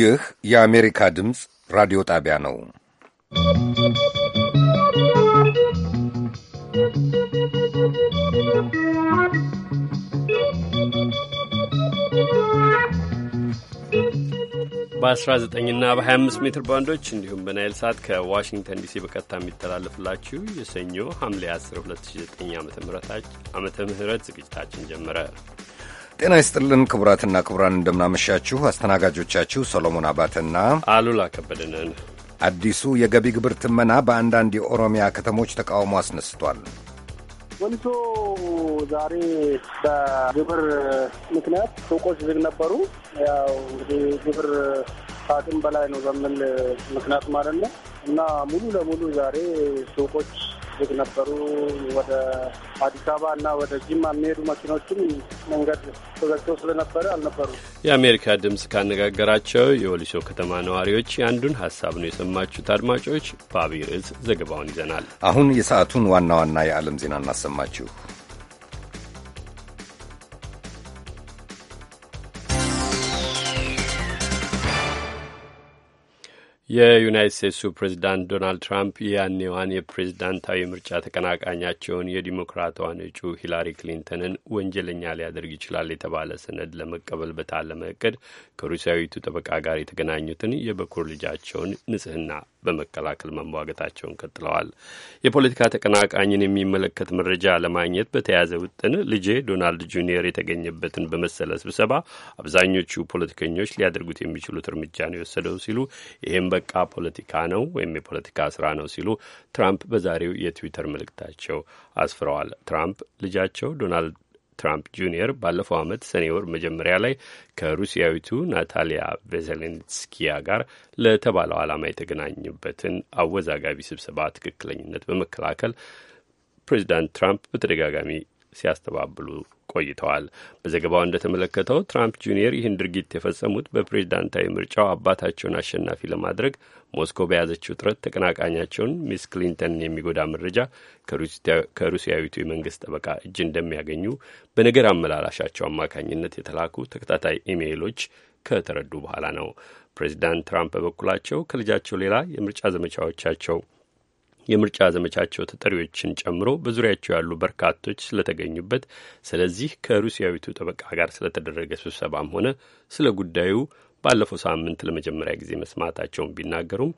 ይህ የአሜሪካ ድምፅ ራዲዮ ጣቢያ ነው። በ19ና በ25 ሜትር ባንዶች እንዲሁም በናይል ሳት ከዋሽንግተን ዲሲ በቀጥታ የሚተላለፍላችሁ የሰኞ ሐምሌ 10 2009 ዓ ም ዝግጅታችን ጀመረ። ጤና ይስጥልን ክቡራትና ክቡራን፣ እንደምናመሻችሁ። አስተናጋጆቻችሁ ሰሎሞን አባተና አሉላ ከበደ አዲሱ የገቢ ግብር ትመና በአንዳንድ የኦሮሚያ ከተሞች ተቃውሞ አስነስቷል። ወሊሶ ዛሬ በግብር ምክንያት ሱቆች ዝግ ነበሩ። ያው እንግዲህ ግብር ከአቅም በላይ ነው በሚል ምክንያት ማለት ነው እና ሙሉ ለሙሉ ዛሬ ሱቆች ዝግ ነበሩ። ወደ አዲስ አበባ እና ወደ ጅማ የሚሄዱ መኪኖችም መንገድ ተዘግተው ስለነበረ አልነበሩ። የአሜሪካ ድምፅ ካነጋገራቸው የወሊሶ ከተማ ነዋሪዎች የአንዱን ሀሳብ ነው የሰማችሁት። አድማጮች፣ በአብይ ርዕስ ዘገባውን ይዘናል። አሁን የሰዓቱን ዋና ዋና የዓለም ዜና እናሰማችሁ። የዩናይት ስቴትሱ ፕሬዚዳንት ዶናልድ ትራምፕ የያኔዋን የፕሬዝዳንታዊ ምርጫ ተቀናቃኛቸውን የዲሞክራቷን እጩ ሂላሪ ክሊንተንን ወንጀለኛ ሊያደርግ ይችላል የተባለ ሰነድ ለመቀበል በታለመ እቅድ ከሩሲያዊቱ ጠበቃ ጋር የተገናኙትን የበኩር ልጃቸውን ንጽህና በመከላከል መሟገታቸውን ቀጥለዋል። የፖለቲካ ተቀናቃኝን የሚመለከት መረጃ ለማግኘት በተያያዘ ውጥን ልጄ ዶናልድ ጁኒየር የተገኘበትን በመሰለ ስብሰባ አብዛኞቹ ፖለቲከኞች ሊያደርጉት የሚችሉት እርምጃ ነው የወሰደው ሲሉ ይህም በቃ ፖለቲካ ነው ወይም የፖለቲካ ስራ ነው ሲሉ ትራምፕ በዛሬው የትዊተር መልእክታቸው አስፍረዋል። ትራምፕ ልጃቸው ዶናልድ ትራምፕ ጁኒየር ባለፈው ዓመት ሰኔ ወር መጀመሪያ ላይ ከሩሲያዊቱ ናታሊያ ቬዘሌንስኪያ ጋር ለተባለው ዓላማ የተገናኙበትን አወዛጋቢ ስብሰባ ትክክለኝነት በመከላከል ፕሬዚዳንት ትራምፕ በተደጋጋሚ ሲያስተባብሉ ቆይተዋል። በዘገባው እንደተመለከተው ትራምፕ ጁኒየር ይህን ድርጊት የፈጸሙት በፕሬዝዳንታዊ ምርጫው አባታቸውን አሸናፊ ለማድረግ ሞስኮ በያዘችው ጥረት ተቀናቃኛቸውን ሚስ ክሊንተንን የሚጎዳ መረጃ ከሩሲያዊቱ የመንግስት ጠበቃ እጅ እንደሚያገኙ በነገር አመላላሻቸው አማካኝነት የተላኩ ተከታታይ ኢሜይሎች ከተረዱ በኋላ ነው። ፕሬዚዳንት ትራምፕ በበኩላቸው ከልጃቸው ሌላ የምርጫ ዘመቻዎቻቸው የምርጫ ዘመቻቸው ተጠሪዎችን ጨምሮ በዙሪያቸው ያሉ በርካቶች ስለተገኙበት ስለዚህ ከሩሲያዊቱ ጠበቃ ጋር ስለተደረገ ስብሰባም ሆነ ስለ ጉዳዩ ባለፈው ሳምንት ለመጀመሪያ ጊዜ መስማታቸውን ቢናገሩም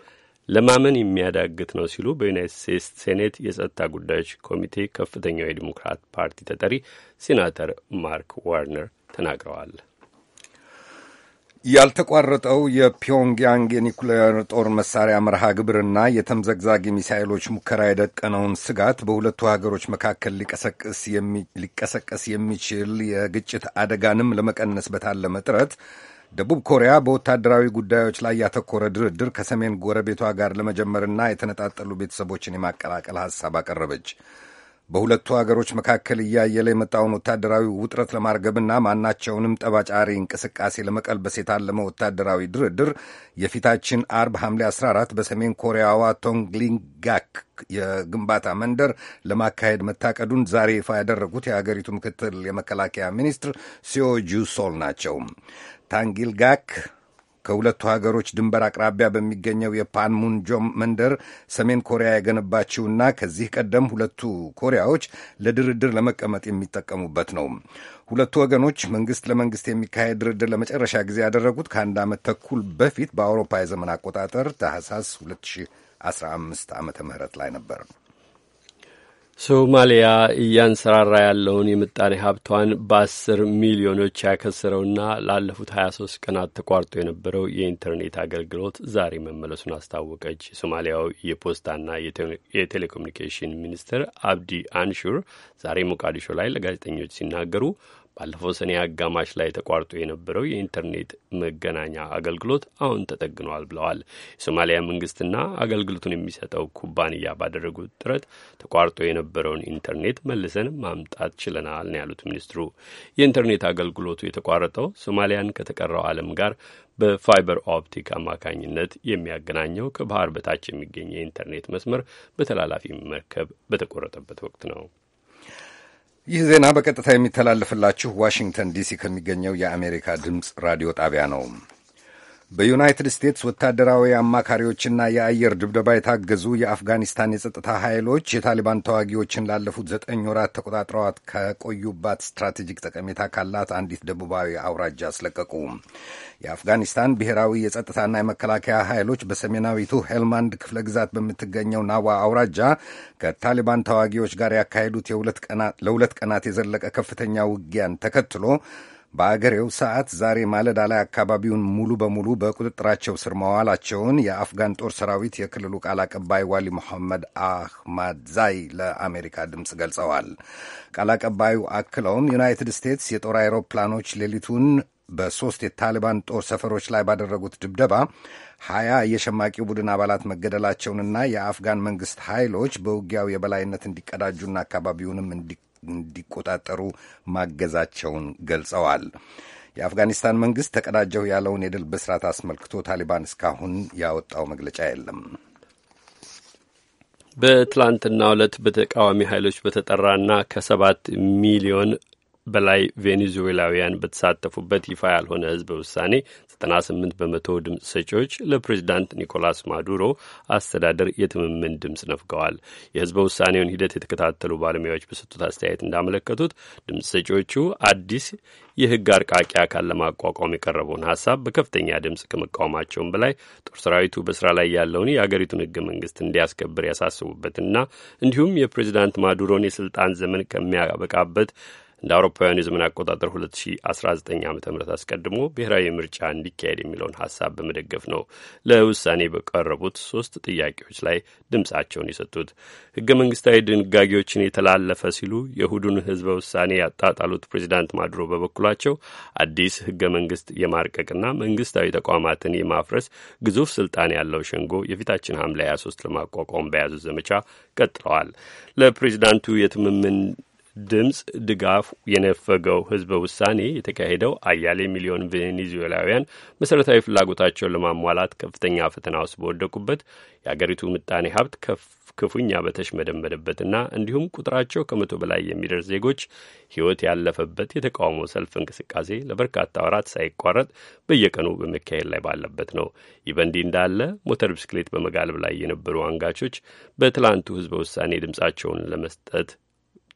ለማመን የሚያዳግት ነው ሲሉ በዩናይት ስቴትስ ሴኔት የጸጥታ ጉዳዮች ኮሚቴ ከፍተኛው የዲሞክራት ፓርቲ ተጠሪ ሴናተር ማርክ ዋርነር ተናግረዋል። ያልተቋረጠው የፒዮንግያንግ የኒኩሌር ጦር መሳሪያ መርሃ ግብርና የተምዘግዛጊ ሚሳይሎች ሙከራ የደቀነውን ስጋት በሁለቱ ሀገሮች መካከል ሊቀሰቀስ የሚችል የግጭት አደጋንም ለመቀነስ በታለመ ጥረት ደቡብ ኮሪያ በወታደራዊ ጉዳዮች ላይ ያተኮረ ድርድር ከሰሜን ጎረቤቷ ጋር ለመጀመርና የተነጣጠሉ ቤተሰቦችን የማቀላቀል ሐሳብ አቀረበች። በሁለቱ አገሮች መካከል እያየለ የመጣውን ወታደራዊ ውጥረት ለማርገብና ማናቸውንም ጠባጫሪ እንቅስቃሴ ለመቀልበስ የታለመ ወታደራዊ ድርድር የፊታችን አርብ ሐምሌ 14 በሰሜን ኮሪያዋ ቶንግሊንጋክ የግንባታ መንደር ለማካሄድ መታቀዱን ዛሬ ይፋ ያደረጉት የአገሪቱ ምክትል የመከላከያ ሚኒስትር ሲዮ ናቸው። ታንጊልጋክ ከሁለቱ ሀገሮች ድንበር አቅራቢያ በሚገኘው የፓንሙንጆም መንደር ሰሜን ኮሪያ የገነባችውና ከዚህ ቀደም ሁለቱ ኮሪያዎች ለድርድር ለመቀመጥ የሚጠቀሙበት ነው። ሁለቱ ወገኖች መንግስት ለመንግስት የሚካሄድ ድርድር ለመጨረሻ ጊዜ ያደረጉት ከአንድ ዓመት ተኩል በፊት በአውሮፓ የዘመን አቆጣጠር ታህሳስ 2015 ዓመተ ምህረት ላይ ነበር። ሶማሊያ እያንሰራራ ያለውን የምጣኔ ሀብቷን በአስር ሚሊዮኖች ያከሰረውና ላለፉት 23 ቀናት ተቋርጦ የነበረው የኢንተርኔት አገልግሎት ዛሬ መመለሱን አስታወቀች። የሶማሊያው የፖስታና የቴሌኮሙኒኬሽን ሚኒስትር አብዲ አንሹር ዛሬ ሞቃዲሾ ላይ ለጋዜጠኞች ሲናገሩ ባለፈው ሰኔ አጋማሽ ላይ ተቋርጦ የነበረው የኢንተርኔት መገናኛ አገልግሎት አሁን ተጠግኗል ብለዋል። የሶማሊያ መንግስትና አገልግሎቱን የሚሰጠው ኩባንያ ባደረጉት ጥረት ተቋርጦ የነበረውን ኢንተርኔት መልሰን ማምጣት ችለናል ነው ያሉት ሚኒስትሩ። የኢንተርኔት አገልግሎቱ የተቋረጠው ሶማሊያን ከተቀረው ዓለም ጋር በፋይበር ኦፕቲክ አማካኝነት የሚያገናኘው ከባህር በታች የሚገኝ የኢንተርኔት መስመር በተላላፊ መርከብ በተቆረጠበት ወቅት ነው። ይህ ዜና በቀጥታ የሚተላለፍላችሁ ዋሽንግተን ዲሲ ከሚገኘው የአሜሪካ ድምፅ ራዲዮ ጣቢያ ነው። በዩናይትድ ስቴትስ ወታደራዊ አማካሪዎችና የአየር ድብደባ የታገዙ የአፍጋኒስታን የጸጥታ ኃይሎች የታሊባን ተዋጊዎችን ላለፉት ዘጠኝ ወራት ተቆጣጥረዋት ከቆዩባት ስትራቴጂክ ጠቀሜታ ካላት አንዲት ደቡባዊ አውራጃ አስለቀቁ። የአፍጋኒስታን ብሔራዊ የጸጥታና የመከላከያ ኃይሎች በሰሜናዊቱ ሄልማንድ ክፍለ ግዛት በምትገኘው ናዋ አውራጃ ከታሊባን ተዋጊዎች ጋር ያካሄዱት ለሁለት ቀናት የዘለቀ ከፍተኛ ውጊያን ተከትሎ በአገሬው ሰዓት ዛሬ ማለዳ ላይ አካባቢውን ሙሉ በሙሉ በቁጥጥራቸው ስር መዋላቸውን የአፍጋን ጦር ሰራዊት የክልሉ ቃል አቀባይ ዋሊ መሐመድ አህማድ ዛይ ለአሜሪካ ድምፅ ገልጸዋል። ቃል አቀባዩ አክለውም ዩናይትድ ስቴትስ የጦር አይሮፕላኖች ሌሊቱን በሶስት የታሊባን ጦር ሰፈሮች ላይ ባደረጉት ድብደባ ሀያ የሸማቂ ቡድን አባላት መገደላቸውንና የአፍጋን መንግስት ኃይሎች በውጊያው የበላይነት እንዲቀዳጁና አካባቢውንም እንዲ እንዲቆጣጠሩ ማገዛቸውን ገልጸዋል። የአፍጋኒስታን መንግስት ተቀዳጀው ያለውን የድል ብስራት አስመልክቶ ታሊባን እስካሁን ያወጣው መግለጫ የለም። በትላንትና ዕለት በተቃዋሚ ኃይሎች በተጠራና ከሰባት ሚሊዮን በላይ ቬኔዙዌላውያን በተሳተፉበት ይፋ ያልሆነ ህዝብ ውሳኔ 98 በመቶ ድምፅ ሰጪዎች ለፕሬዚዳንት ኒኮላስ ማዱሮ አስተዳደር የትምምን ድምፅ ነፍገዋል። የህዝበ ውሳኔውን ሂደት የተከታተሉ ባለሙያዎች በሰጡት አስተያየት እንዳመለከቱት ድምፅ ሰጪዎቹ አዲስ የህግ አርቃቂ አካል ለማቋቋም የቀረበውን ሀሳብ በከፍተኛ ድምፅ ከመቃወማቸውም በላይ ጦር ሰራዊቱ በስራ ላይ ያለውን የአገሪቱን ህገ መንግስት እንዲያስከብር ያሳስቡበትና እንዲሁም የፕሬዚዳንት ማዱሮን የስልጣን ዘመን ከሚያበቃበት እንደ አውሮፓውያኑ የዘመን አቆጣጠር 2019 ዓ ም አስቀድሞ ብሔራዊ ምርጫ እንዲካሄድ የሚለውን ሀሳብ በመደገፍ ነው ለውሳኔ በቀረቡት ሶስት ጥያቄዎች ላይ ድምፃቸውን የሰጡት። ህገ መንግስታዊ ድንጋጌዎችን የተላለፈ ሲሉ የእሁዱን ህዝበ ውሳኔ ያጣጣሉት ፕሬዚዳንት ማድሮ በበኩላቸው አዲስ ህገ መንግስት የማርቀቅና መንግስታዊ ተቋማትን የማፍረስ ግዙፍ ስልጣን ያለው ሸንጎ የፊታችን ሐምሌ 23 ለማቋቋም በያዙት ዘመቻ ቀጥለዋል። ለፕሬዚዳንቱ የትምምን ድምፅ ድጋፍ የነፈገው ህዝበ ውሳኔ የተካሄደው አያሌ ሚሊዮን ቬኔዙዌላውያን መሠረታዊ ፍላጎታቸውን ለማሟላት ከፍተኛ ፈተና ውስጥ በወደቁበት የአገሪቱ ምጣኔ ሀብት ክፉኛ በተሽመደመደበትና እንዲሁም ቁጥራቸው ከመቶ በላይ የሚደርስ ዜጎች ህይወት ያለፈበት የተቃውሞ ሰልፍ እንቅስቃሴ ለበርካታ ወራት ሳይቋረጥ በየቀኑ በመካሄድ ላይ ባለበት ነው። ይህ በእንዲህ እንዳለ ሞተር ብስክሌት በመጋለብ ላይ የነበሩ አንጋቾች በትላንቱ ህዝበ ውሳኔ ድምፃቸውን ለመስጠት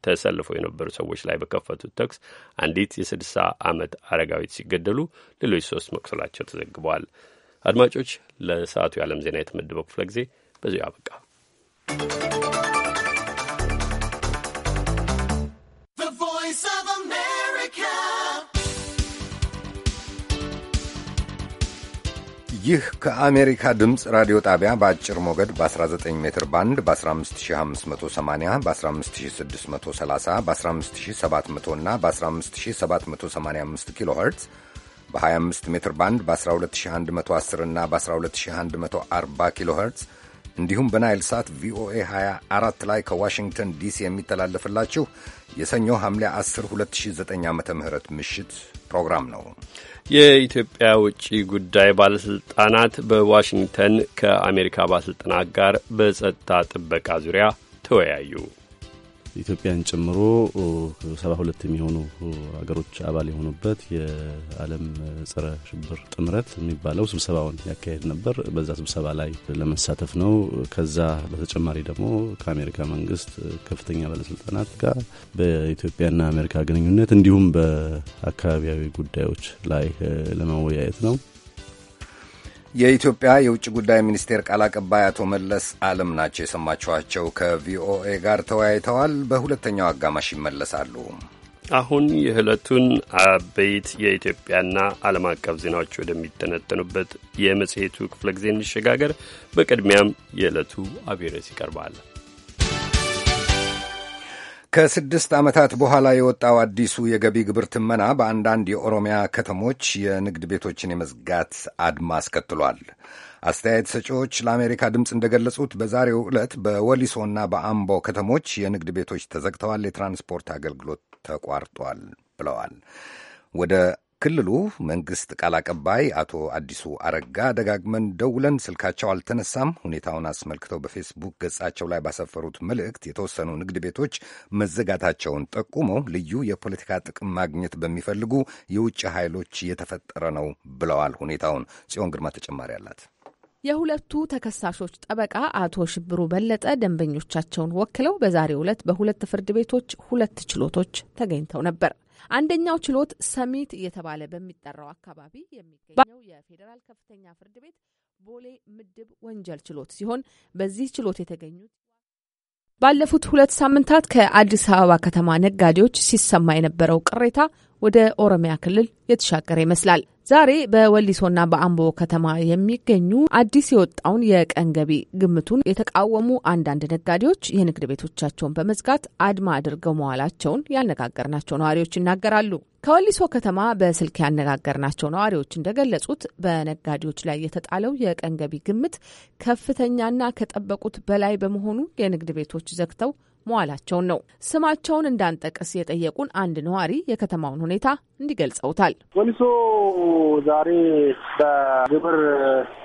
ተሰልፈው የነበሩ ሰዎች ላይ በከፈቱት ተኩስ አንዲት የስድሳ ዓመት አረጋዊት ሲገደሉ ሌሎች ሶስት መቁሰላቸው ተዘግበዋል። አድማጮች፣ ለሰዓቱ የዓለም ዜና የተመደበው ክፍለ ጊዜ በዚሁ አበቃ። ይህ ከአሜሪካ ድምፅ ራዲዮ ጣቢያ በአጭር ሞገድ በ19 ሜትር ባንድ በ15580 በ15630 በ15700 እና በ15785 ኪሎ ኸርትዝ በ25 ሜትር ባንድ በ12110 እና በ12140 ኪሎ ኸርትዝ እንዲሁም በናይል ሳት ቪኦኤ 24 ላይ ከዋሽንግተን ዲሲ የሚተላለፍላችሁ የሰኞ ሐምሌ 10 2009 ዓ ም ምሽት ፕሮግራም ነው። የኢትዮጵያ ውጭ ጉዳይ ባለስልጣናት በዋሽንግተን ከአሜሪካ ባለስልጣናት ጋር በጸጥታ ጥበቃ ዙሪያ ተወያዩ። ኢትዮጵያን ጨምሮ ሰባ ሁለት የሚሆኑ ሀገሮች አባል የሆኑበት የዓለም ጸረ ሽብር ጥምረት የሚባለው ስብሰባውን ያካሄድ ነበር። በዛ ስብሰባ ላይ ለመሳተፍ ነው። ከዛ በተጨማሪ ደግሞ ከአሜሪካ መንግስት ከፍተኛ ባለስልጣናት ጋር በኢትዮጵያና አሜሪካ ግንኙነት እንዲሁም በአካባቢያዊ ጉዳዮች ላይ ለመወያየት ነው። የኢትዮጵያ የውጭ ጉዳይ ሚኒስቴር ቃል አቀባይ አቶ መለስ አለም ናቸው የሰማችኋቸው። ከቪኦኤ ጋር ተወያይተዋል። በሁለተኛው አጋማሽ ይመለሳሉ። አሁን የዕለቱን አበይት የኢትዮጵያና ዓለም አቀፍ ዜናዎች ወደሚተነተኑበት የመጽሔቱ ክፍለ ጊዜ እንሸጋገር። በቅድሚያም የዕለቱ አብይ ርዕስ ይቀርባል። ከስድስት ዓመታት በኋላ የወጣው አዲሱ የገቢ ግብር ትመና በአንዳንድ የኦሮሚያ ከተሞች የንግድ ቤቶችን የመዝጋት አድማ አስከትሏል። አስተያየት ሰጪዎች ለአሜሪካ ድምፅ እንደገለጹት በዛሬው ዕለት በወሊሶና በአምቦ ከተሞች የንግድ ቤቶች ተዘግተዋል፣ የትራንስፖርት አገልግሎት ተቋርጧል ብለዋል። ወደ ክልሉ መንግስት ቃል አቀባይ አቶ አዲሱ አረጋ ደጋግመን ደውለን ስልካቸው አልተነሳም። ሁኔታውን አስመልክተው በፌስቡክ ገጻቸው ላይ ባሰፈሩት መልእክት የተወሰኑ ንግድ ቤቶች መዘጋታቸውን ጠቁመው ልዩ የፖለቲካ ጥቅም ማግኘት በሚፈልጉ የውጭ ኃይሎች የተፈጠረ ነው ብለዋል። ሁኔታውን ጽዮን ግርማ ተጨማሪ አላት። የሁለቱ ተከሳሾች ጠበቃ አቶ ሽብሩ በለጠ ደንበኞቻቸውን ወክለው በዛሬው ዕለት በሁለት ፍርድ ቤቶች ሁለት ችሎቶች ተገኝተው ነበር። አንደኛው ችሎት ሰሚት እየተባለ በሚጠራው አካባቢ የሚገኘው የፌዴራል ከፍተኛ ፍርድ ቤት ቦሌ ምድብ ወንጀል ችሎት ሲሆን በዚህ ችሎት የተገኙት ባለፉት ሁለት ሳምንታት ከአዲስ አበባ ከተማ ነጋዴዎች ሲሰማ የነበረው ቅሬታ ወደ ኦሮሚያ ክልል የተሻገረ ይመስላል። ዛሬ በወሊሶና በአምቦ ከተማ የሚገኙ አዲስ የወጣውን የቀን ገቢ ግምቱን የተቃወሙ አንዳንድ ነጋዴዎች የንግድ ቤቶቻቸውን በመዝጋት አድማ አድርገው መዋላቸውን ያነጋገርናቸው ነዋሪዎች ይናገራሉ። ከወሊሶ ከተማ በስልክ ያነጋገርናቸው ነዋሪዎች እንደገለጹት በነጋዴዎች ላይ የተጣለው የቀን ገቢ ግምት ከፍተኛና ከጠበቁት በላይ በመሆኑ የንግድ ቤቶች ዘግተው መዋላቸውን ነው። ስማቸውን እንዳንጠቀስ የጠየቁን አንድ ነዋሪ የከተማውን ሁኔታ እንዲገልጸውታል። ወሊሶ ዛሬ በግብር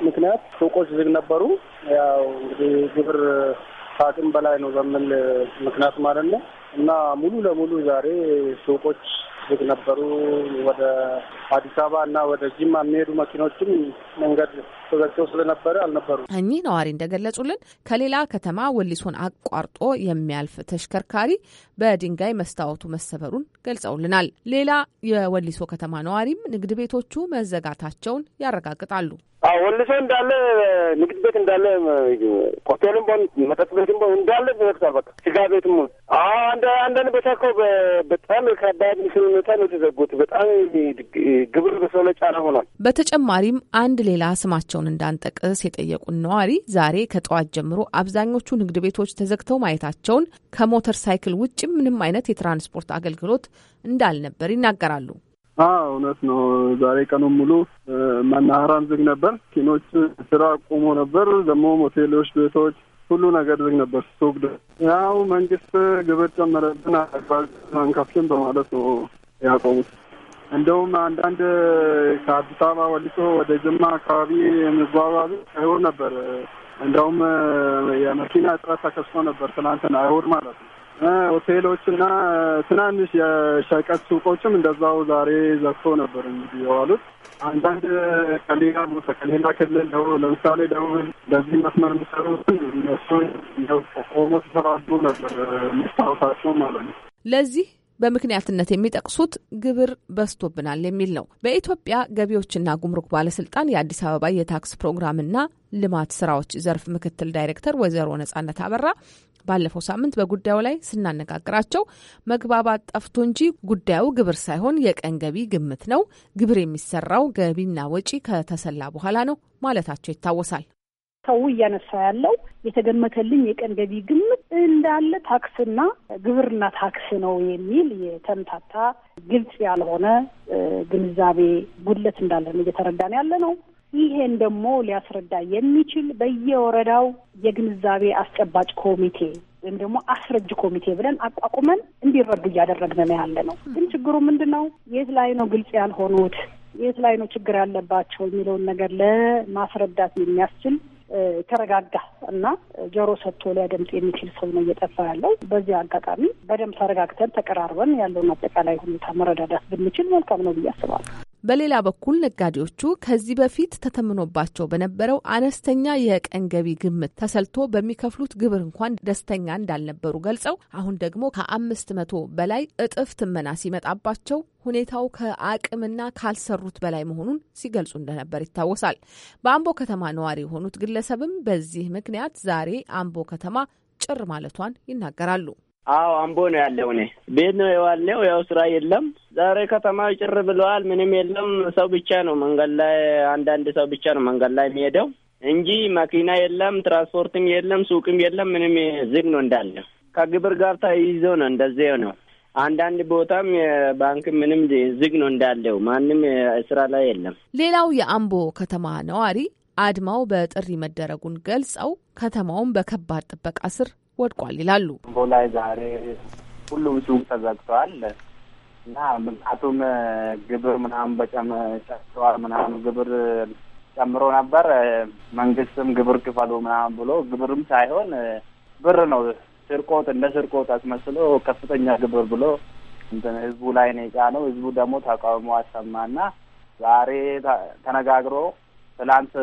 ምክንያት ሱቆች ዝግ ነበሩ። ያው እንግዲህ ግብር ከአቅም በላይ ነው በሚል ምክንያት ማለት ነው እና ሙሉ ለሙሉ ዛሬ ሱቆች ዝግ ነበሩ። ወደ አዲስ አበባ እና ወደ ጅማ የሚሄዱ መኪኖችም መንገድ ተዘግተው ስለነበረ አልነበሩ። እኚህ ነዋሪ እንደገለጹልን ከሌላ ከተማ ወሊሶን አቋርጦ የሚያልፍ ተሽከርካሪ በድንጋይ መስታወቱ መሰበሩን ገልጸውልናል። ሌላ የወሊሶ ከተማ ነዋሪም ንግድ ቤቶቹ መዘጋታቸውን ያረጋግጣሉ። ወልሶ እንዳለ ንግድ ቤት እንዳለ ሆቴልም ቦን መጠጥ ቤትም ቦን እንዳለ ተዘግቷል። በቃ ስጋ ቤትም አንዳንድ ቦታ እኮ በጣም ከባድ ምስሉን ነው የተዘጉት በጣም ግብር በሰው ላይ ጫና ሆኗል። በተጨማሪም አንድ ሌላ ስማቸውን እንዳንጠቅስ የጠየቁን ነዋሪ ዛሬ ከጠዋት ጀምሮ አብዛኞቹ ንግድ ቤቶች ተዘግተው ማየታቸውን ከሞተር ሳይክል ውጭ ምንም አይነት የትራንስፖርት አገልግሎት እንዳልነበር ይናገራሉ። እውነት ነው። ዛሬ ቀኑን ሙሉ መናኸራን ዝግ ነበር። ኪኖች ስራ ቆሞ ነበር። ደግሞ ሞቴሎች፣ ቤቶች ሁሉ ነገር ዝግ ነበር። ሱቅ ያው መንግስት ግብር ጨመረብን አባል አንከፍልም በማለት ነው ያቆሙት። እንደውም አንዳንድ ከአዲስ አበባ ወልሶ ወደ ጅማ አካባቢ የሚጓጓዙ አይሁር ነበር። እንደውም የመኪና እጥረት ተከስቶ ነበር ትናንትና አይሁር ማለት ነው። ሆቴሎች እና ትናንሽ የሸቀት ሱቆችም እንደዛው ዛሬ ዘግቶ ነበር እንግዲህ የዋሉት። አንዳንድ ከሌላ ቦታ ከሌላ ክልል ለምሳሌ ደቡብ በዚህ መስመር የሚሰሩትን እነሱ ቆሞ ተሰባስቦ ነበር መስታወታቸው ማለት ነው ለዚህ በምክንያትነት የሚጠቅሱት ግብር በዝቶብናል የሚል ነው። በኢትዮጵያ ገቢዎችና ጉምሩክ ባለስልጣን የአዲስ አበባ የታክስ ፕሮግራምና ልማት ስራዎች ዘርፍ ምክትል ዳይሬክተር ወይዘሮ ነጻነት አበራ ባለፈው ሳምንት በጉዳዩ ላይ ስናነጋግራቸው መግባባት ጠፍቶ እንጂ ጉዳዩ ግብር ሳይሆን የቀን ገቢ ግምት ነው፣ ግብር የሚሰራው ገቢና ወጪ ከተሰላ በኋላ ነው ማለታቸው ይታወሳል። ሰው እያነሳ ያለው የተገመተልኝ የቀን ገቢ ግምት እንዳለ ታክስና ግብርና ታክስ ነው የሚል የተምታታ ግልጽ ያልሆነ ግንዛቤ ጉድለት እንዳለን እየተረዳን ያለ ነው። ይሄን ደግሞ ሊያስረዳ የሚችል በየወረዳው የግንዛቤ አስጨባጭ ኮሚቴ ወይም ደግሞ አስረጅ ኮሚቴ ብለን አቋቁመን እንዲረግ እያደረግን ነው ያለ ነው። ግን ችግሩ ምንድን ነው? የት ላይ ነው ግልጽ ያልሆኑት የት ላይ ነው ችግር ያለባቸው የሚለውን ነገር ለማስረዳት የሚያስችል የተረጋጋ እና ጆሮ ሰጥቶ ሊያደምጥ የሚችል ሰው ነው እየጠፋ ያለው። በዚህ አጋጣሚ በደንብ ተረጋግተን ተቀራርበን ያለውን አጠቃላይ ሁኔታ መረዳዳት ብንችል መልካም ነው ብዬ አስባለሁ። በሌላ በኩል ነጋዴዎቹ ከዚህ በፊት ተተምኖባቸው በነበረው አነስተኛ የቀን ገቢ ግምት ተሰልቶ በሚከፍሉት ግብር እንኳን ደስተኛ እንዳልነበሩ ገልጸው አሁን ደግሞ ከአምስት መቶ በላይ እጥፍ ትመና ሲመጣባቸው ሁኔታው ከአቅምና ካልሰሩት በላይ መሆኑን ሲገልጹ እንደነበር ይታወሳል። በአምቦ ከተማ ነዋሪ የሆኑት ግለሰብም በዚህ ምክንያት ዛሬ አምቦ ከተማ ጭር ማለቷን ይናገራሉ። አዎ አምቦ ነው ያለው። እኔ ቤት ነው የዋልነው። ያው ስራ የለም። ዛሬ ከተማው ጭር ብለዋል። ምንም የለም። ሰው ብቻ ነው መንገድ ላይ አንዳንድ ሰው ብቻ ነው መንገድ ላይ የሚሄደው እንጂ መኪና የለም፣ ትራንስፖርትም የለም፣ ሱቅም የለም። ምንም ዝግ ነው እንዳለ ከግብር ጋር ተይዞ ነው እንደዚህ ነው። አንዳንድ ቦታም የባንክ ምንም ዝግ ነው እንዳለው፣ ማንም ስራ ላይ የለም። ሌላው የአምቦ ከተማ ነዋሪ አድማው በጥሪ መደረጉን ገልጸው ከተማውን በከባድ ጥበቃ ስር ወድቋል ይላሉ። አምቦ ላይ ዛሬ ሁሉም ሱቅ ተዘግተዋል እና ምክንያቱም ግብር ምናምን በጨምረዋል ምናምን ግብር ጨምሮ ነበር። መንግስትም ግብር ክፈሉ ምናምን ብሎ ግብርም ሳይሆን ብር ነው ስርቆት እንደ ስርቆት አስመስሎ ከፍተኛ ግብር ብሎ ህዝቡ ላይ ነው የጫነው። ህዝቡ ደግሞ ተቃውሞ አሰማና ዛሬ ተነጋግሮ ትላንት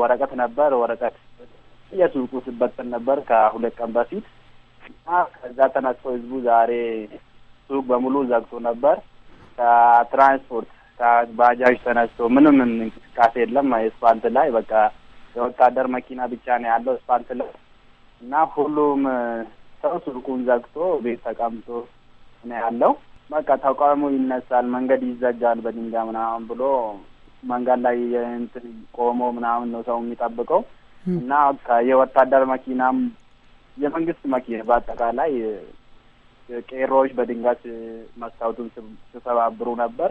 ወረቀት ነበር ወረቀት የሱቁ ሲበተን ነበር ከሁለት ቀን በፊት ከዛ ተነስቶ ህዝቡ ዛሬ ሱቅ በሙሉ ዘግቶ ነበር። ከትራንስፖርት ከባጃጅ ተነስቶ ምንም እንቅስቃሴ የለም። ስፓልት ላይ በቃ የወታደር መኪና ብቻ ነው ያለው ስፓልት ላይ እና ሁሉም ሰው ሱቁን ዘግቶ ቤት ተቀምጦ ነው ያለው። በቃ ተቃውሞ ይነሳል፣ መንገድ ይዘጋል በድንጋይ ምናምን ብሎ መንገድ ላይ እንትን ቆሞ ምናምን ነው ሰው የሚጠብቀው እና የወታደር መኪናም የመንግስት መኪና በአጠቃላይ ቄሮዎች በድንጋይ መስታወቱን ሲሰባብሩ ነበር።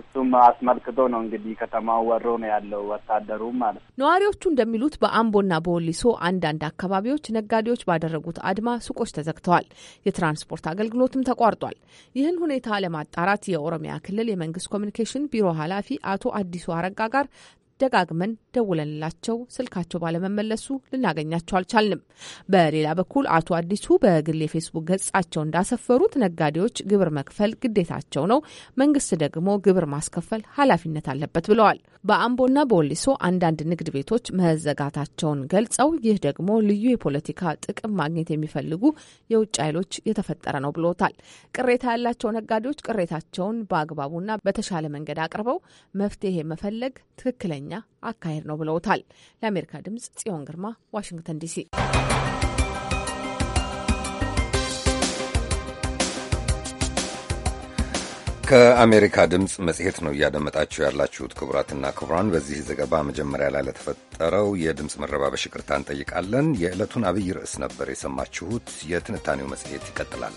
እሱም አስመልክቶ ነው እንግዲህ ከተማው ወሮ ነው ያለው ወታደሩ ማለት ነው። ነዋሪዎቹ እንደሚሉት በአምቦና በወሊሶ አንዳንድ አካባቢዎች ነጋዴዎች ባደረጉት አድማ ሱቆች ተዘግተዋል፣ የትራንስፖርት አገልግሎትም ተቋርጧል። ይህን ሁኔታ ለማጣራት የኦሮሚያ ክልል የመንግስት ኮሚኒኬሽን ቢሮ ኃላፊ አቶ አዲሱ አረጋ ጋር ደጋግመን ደውለንላቸው ስልካቸው ባለመመለሱ ልናገኛቸው አልቻልንም። በሌላ በኩል አቶ አዲሱ በግል የፌስቡክ ገጻቸው እንዳሰፈሩት ነጋዴዎች ግብር መክፈል ግዴታቸው ነው፣ መንግስት ደግሞ ግብር ማስከፈል ኃላፊነት አለበት ብለዋል። በአምቦና በወሊሶ አንዳንድ ንግድ ቤቶች መዘጋታቸውን ገልጸው ይህ ደግሞ ልዩ የፖለቲካ ጥቅም ማግኘት የሚፈልጉ የውጭ ኃይሎች የተፈጠረ ነው ብሎታል። ቅሬታ ያላቸው ነጋዴዎች ቅሬታቸውን በአግባቡና በተሻለ መንገድ አቅርበው መፍትሄ መፈለግ ትክክለኛ ትክክለኛ አካሄድ ነው ብለውታል። ለአሜሪካ ድምጽ ጽዮን ግርማ ዋሽንግተን ዲሲ። ከአሜሪካ ድምፅ መጽሔት ነው እያደመጣችሁ ያላችሁት። ክቡራትና ክቡራን፣ በዚህ ዘገባ መጀመሪያ ላይ ለተፈጠረው የድምፅ መረባበሽ ይቅርታ እንጠይቃለን። የዕለቱን አብይ ርዕስ ነበር የሰማችሁት። የትንታኔው መጽሔት ይቀጥላል።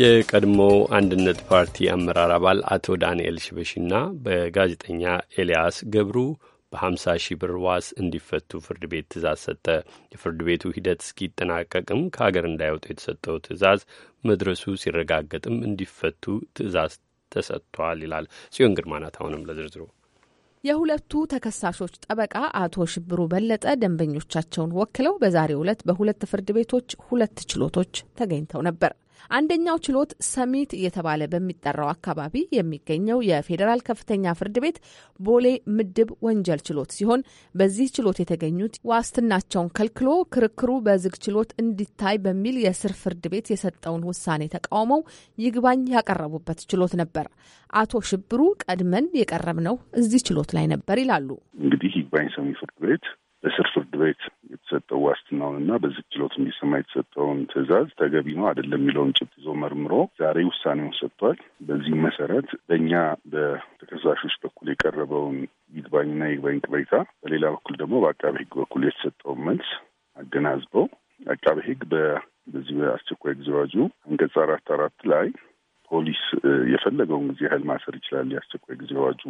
የቀድሞ አንድነት ፓርቲ አመራር አባል አቶ ዳንኤል ሽበሽና በጋዜጠኛ ኤልያስ ገብሩ በ50 ሺህ ብር ዋስ እንዲፈቱ ፍርድ ቤት ትእዛዝ ሰጠ። የፍርድ ቤቱ ሂደት እስኪጠናቀቅም ከሀገር እንዳይወጡ የተሰጠው ትእዛዝ መድረሱ ሲረጋገጥም እንዲፈቱ ትእዛዝ ተሰጥቷል ይላል ጽዮን ግርማናት። አሁንም ለዝርዝሩ የሁለቱ ተከሳሾች ጠበቃ አቶ ሽብሩ በለጠ ደንበኞቻቸውን ወክለው በዛሬው ዕለት በሁለት ፍርድ ቤቶች ሁለት ችሎቶች ተገኝተው ነበር። አንደኛው ችሎት ሰሚት እየተባለ በሚጠራው አካባቢ የሚገኘው የፌዴራል ከፍተኛ ፍርድ ቤት ቦሌ ምድብ ወንጀል ችሎት ሲሆን በዚህ ችሎት የተገኙት ዋስትናቸውን ከልክሎ ክርክሩ በዝግ ችሎት እንዲታይ በሚል የስር ፍርድ ቤት የሰጠውን ውሳኔ ተቃውመው ይግባኝ ያቀረቡበት ችሎት ነበር። አቶ ሽብሩ ቀድመን የቀረብነው እዚህ ችሎት ላይ ነበር ይላሉ። እንግዲህ ይግባኝ ሰሚ ፍርድ ቤት በስር ፍርድ ቤት የተሰጠው ዋስትናውን እና በዚህ ችሎት እንዲሰማ የተሰጠውን ትዕዛዝ ተገቢ ነው አይደለም የሚለውን ጭብጥ ይዞ መርምሮ ዛሬ ውሳኔውን ሰጥቷል። በዚህ መሰረት በእኛ በተከሳሾች በኩል የቀረበውን ይግባኝና ይግባኝ ቅሬታ፣ በሌላ በኩል ደግሞ በአቃቤ ሕግ በኩል የተሰጠውን መልስ አገናዝበው አቃቤ ሕግ በዚህ በአስቸኳይ ጊዜ አዋጁ አንቀጽ አራት አራት ላይ ፖሊስ የፈለገውን ጊዜ ያህል ማሰር ይችላል የአስቸኳይ ጊዜ አዋጁ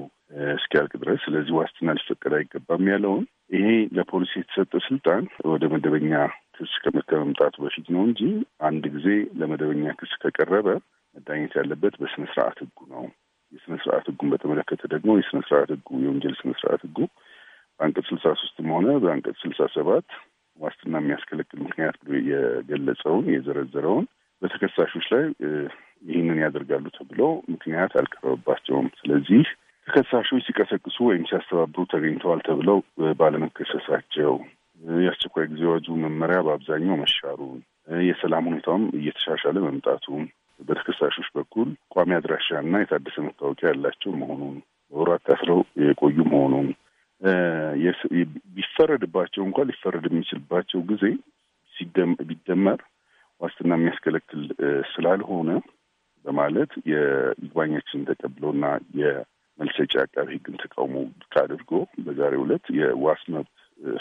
እስኪያልቅ ድረስ። ስለዚህ ዋስትና ሊፈቀድ አይገባም ያለውን ይሄ ለፖሊስ የተሰጠ ስልጣን ወደ መደበኛ ክስ ከመምጣቱ በፊት ነው እንጂ አንድ ጊዜ ለመደበኛ ክስ ከቀረበ መዳኘት ያለበት በስነ ስርዓት ህጉ ነው። የስነ ስርዓት ህጉን በተመለከተ ደግሞ የስነ ስርዓት ህጉ የወንጀል ስነ ስርዓት ህጉ በአንቀጽ ስልሳ ሶስትም ሆነ በአንቀጽ ስልሳ ሰባት ዋስትና የሚያስከለክል ምክንያት ብሎ የገለጸውን የዘረዘረውን በተከሳሾች ላይ ይህንን ያደርጋሉ ተብሎ ምክንያት አልቀረበባቸውም። ስለዚህ ተከሳሾች ሲቀሰቅሱ ወይም ሲያስተባብሩ ተገኝተዋል ተብለው ባለመከሰሳቸው የአስቸኳይ ጊዜ አዋጁ መመሪያ በአብዛኛው መሻሩን የሰላም ሁኔታውም እየተሻሻለ መምጣቱ፣ በተከሳሾች በኩል ቋሚ አድራሻና የታደሰ መታወቂያ ያላቸው መሆኑን በወራት ታስረው የቆዩ መሆኑን ቢፈረድባቸው እንኳ ሊፈረድ የሚችልባቸው ጊዜ ቢደመር ዋስትና የሚያስከለክል ስላልሆነ በማለት የይግባኛችን ተቀብሎና የመልሰጫ አቃቢ ህግን ተቃውሞ አድርጎ በዛሬው ዕለት የዋስ መብት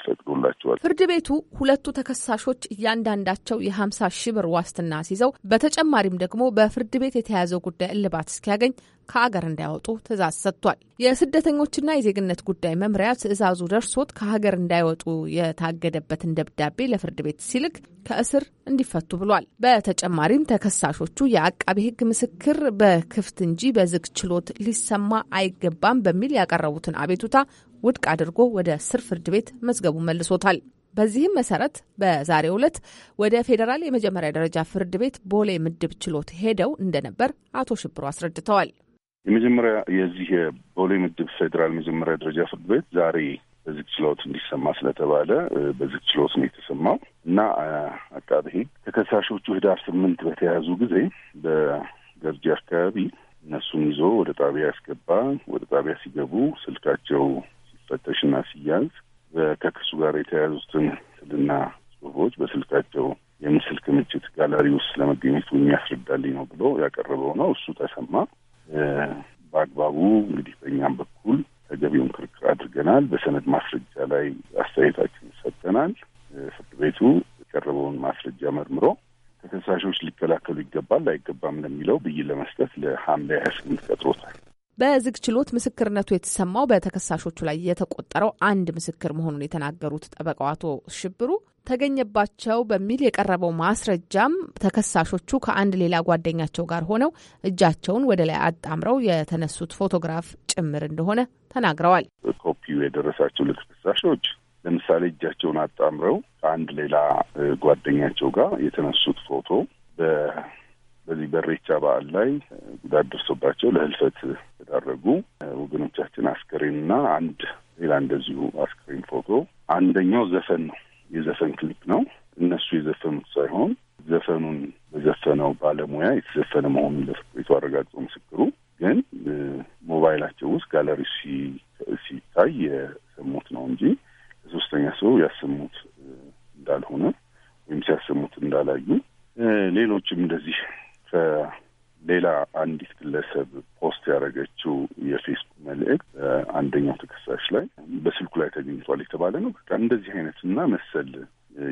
ፈቅዶላቸዋል። ፍርድ ቤቱ ሁለቱ ተከሳሾች እያንዳንዳቸው የሀምሳ ሽብር ብር ዋስትና ሲይዘው በተጨማሪም ደግሞ በፍርድ ቤት የተያዘው ጉዳይ እልባት እስኪያገኝ ከሀገር እንዳይወጡ ትእዛዝ ሰጥቷል። የስደተኞችና የዜግነት ጉዳይ መምሪያ ትእዛዙ ደርሶት ከሀገር እንዳይወጡ የታገደበትን ደብዳቤ ለፍርድ ቤት ሲልክ ከእስር እንዲፈቱ ብሏል። በተጨማሪም ተከሳሾቹ የአቃቤ ሕግ ምስክር በክፍት እንጂ በዝግ ችሎት ሊሰማ አይገባም በሚል ያቀረቡትን አቤቱታ ውድቅ አድርጎ ወደ ስር ፍርድ ቤት መዝገቡ መልሶታል። በዚህም መሰረት በዛሬው ዕለት ወደ ፌዴራል የመጀመሪያ ደረጃ ፍርድ ቤት ቦሌ ምድብ ችሎት ሄደው እንደነበር አቶ ሽብሮ አስረድተዋል። የመጀመሪያ የዚህ የቦሌ ምድብ ፌዴራል መጀመሪያ ደረጃ ፍርድ ቤት ዛሬ በዝግ ችሎት እንዲሰማ ስለተባለ በዝግ ችሎት ነው የተሰማው እና አቃቤ ሕግ ተከሳሾቹ ህዳር ስምንት በተያያዙ ጊዜ በገርጂ አካባቢ እነሱን ይዞ ወደ ጣቢያ ያስገባ። ወደ ጣቢያ ሲገቡ ስልካቸው ተጠቅሽና ሲያዝ ከክሱ ጋር የተያያዙትን ስልና ጽሁፎች በስልካቸው የምስል ክምችት ጋላሪ ውስጥ ለመገኘቱ የሚያስረዳልኝ ነው ብሎ ያቀረበው ነው። እሱ ተሰማ በአግባቡ እንግዲህ በእኛም በኩል ተገቢውን ክርክር አድርገናል። በሰነድ ማስረጃ ላይ አስተያየታችን ሰጠናል። ፍርድ ቤቱ የቀረበውን ማስረጃ መርምሮ ተከሳሾች ሊከላከሉ ይገባል አይገባም ለሚለው ብይን ለመስጠት ለሐምሌ ሀያ ስምንት ቀጥሮ በዝግ ችሎት ምስክርነቱ የተሰማው በተከሳሾቹ ላይ የተቆጠረው አንድ ምስክር መሆኑን የተናገሩት ጠበቃው አቶ ሽብሩ ተገኘባቸው በሚል የቀረበው ማስረጃም ተከሳሾቹ ከአንድ ሌላ ጓደኛቸው ጋር ሆነው እጃቸውን ወደ ላይ አጣምረው የተነሱት ፎቶግራፍ ጭምር እንደሆነ ተናግረዋል። ኮፒው የደረሳቸው ለተከሳሾች ለምሳሌ እጃቸውን አጣምረው ከአንድ ሌላ ጓደኛቸው ጋር የተነሱት ፎቶ በዚህ በሬቻ በዓል ላይ ጉዳት ደርሶባቸው ለህልፈት የተዳረጉ ወገኖቻችን አስክሬንና አንድ ሌላ እንደዚሁ አስክሬን ፎቶ አንደኛው ዘፈን ነው፣ የዘፈን ክሊፕ ነው። እነሱ የዘፈኑት ሳይሆን ዘፈኑን በዘፈነው ባለሙያ የተዘፈነ መሆኑን ለፍቅሪቱ አረጋግጦ ምስክሩ ግን ሞባይላቸው ውስጥ ጋለሪ ሲታይ የሰሙት ነው እንጂ ለሶስተኛ ሰው ያሰሙት እንዳልሆነ ወይም ሲያሰሙት እንዳላዩ ሌሎችም እንደዚህ ከሌላ አንዲት ግለሰብ ፖስት ያደረገችው የፌስቡክ መልእክት አንደኛው ተከሳሽ ላይ በስልኩ ላይ ተገኝቷል የተባለ ነው። በቃ እንደዚህ አይነት እና መሰል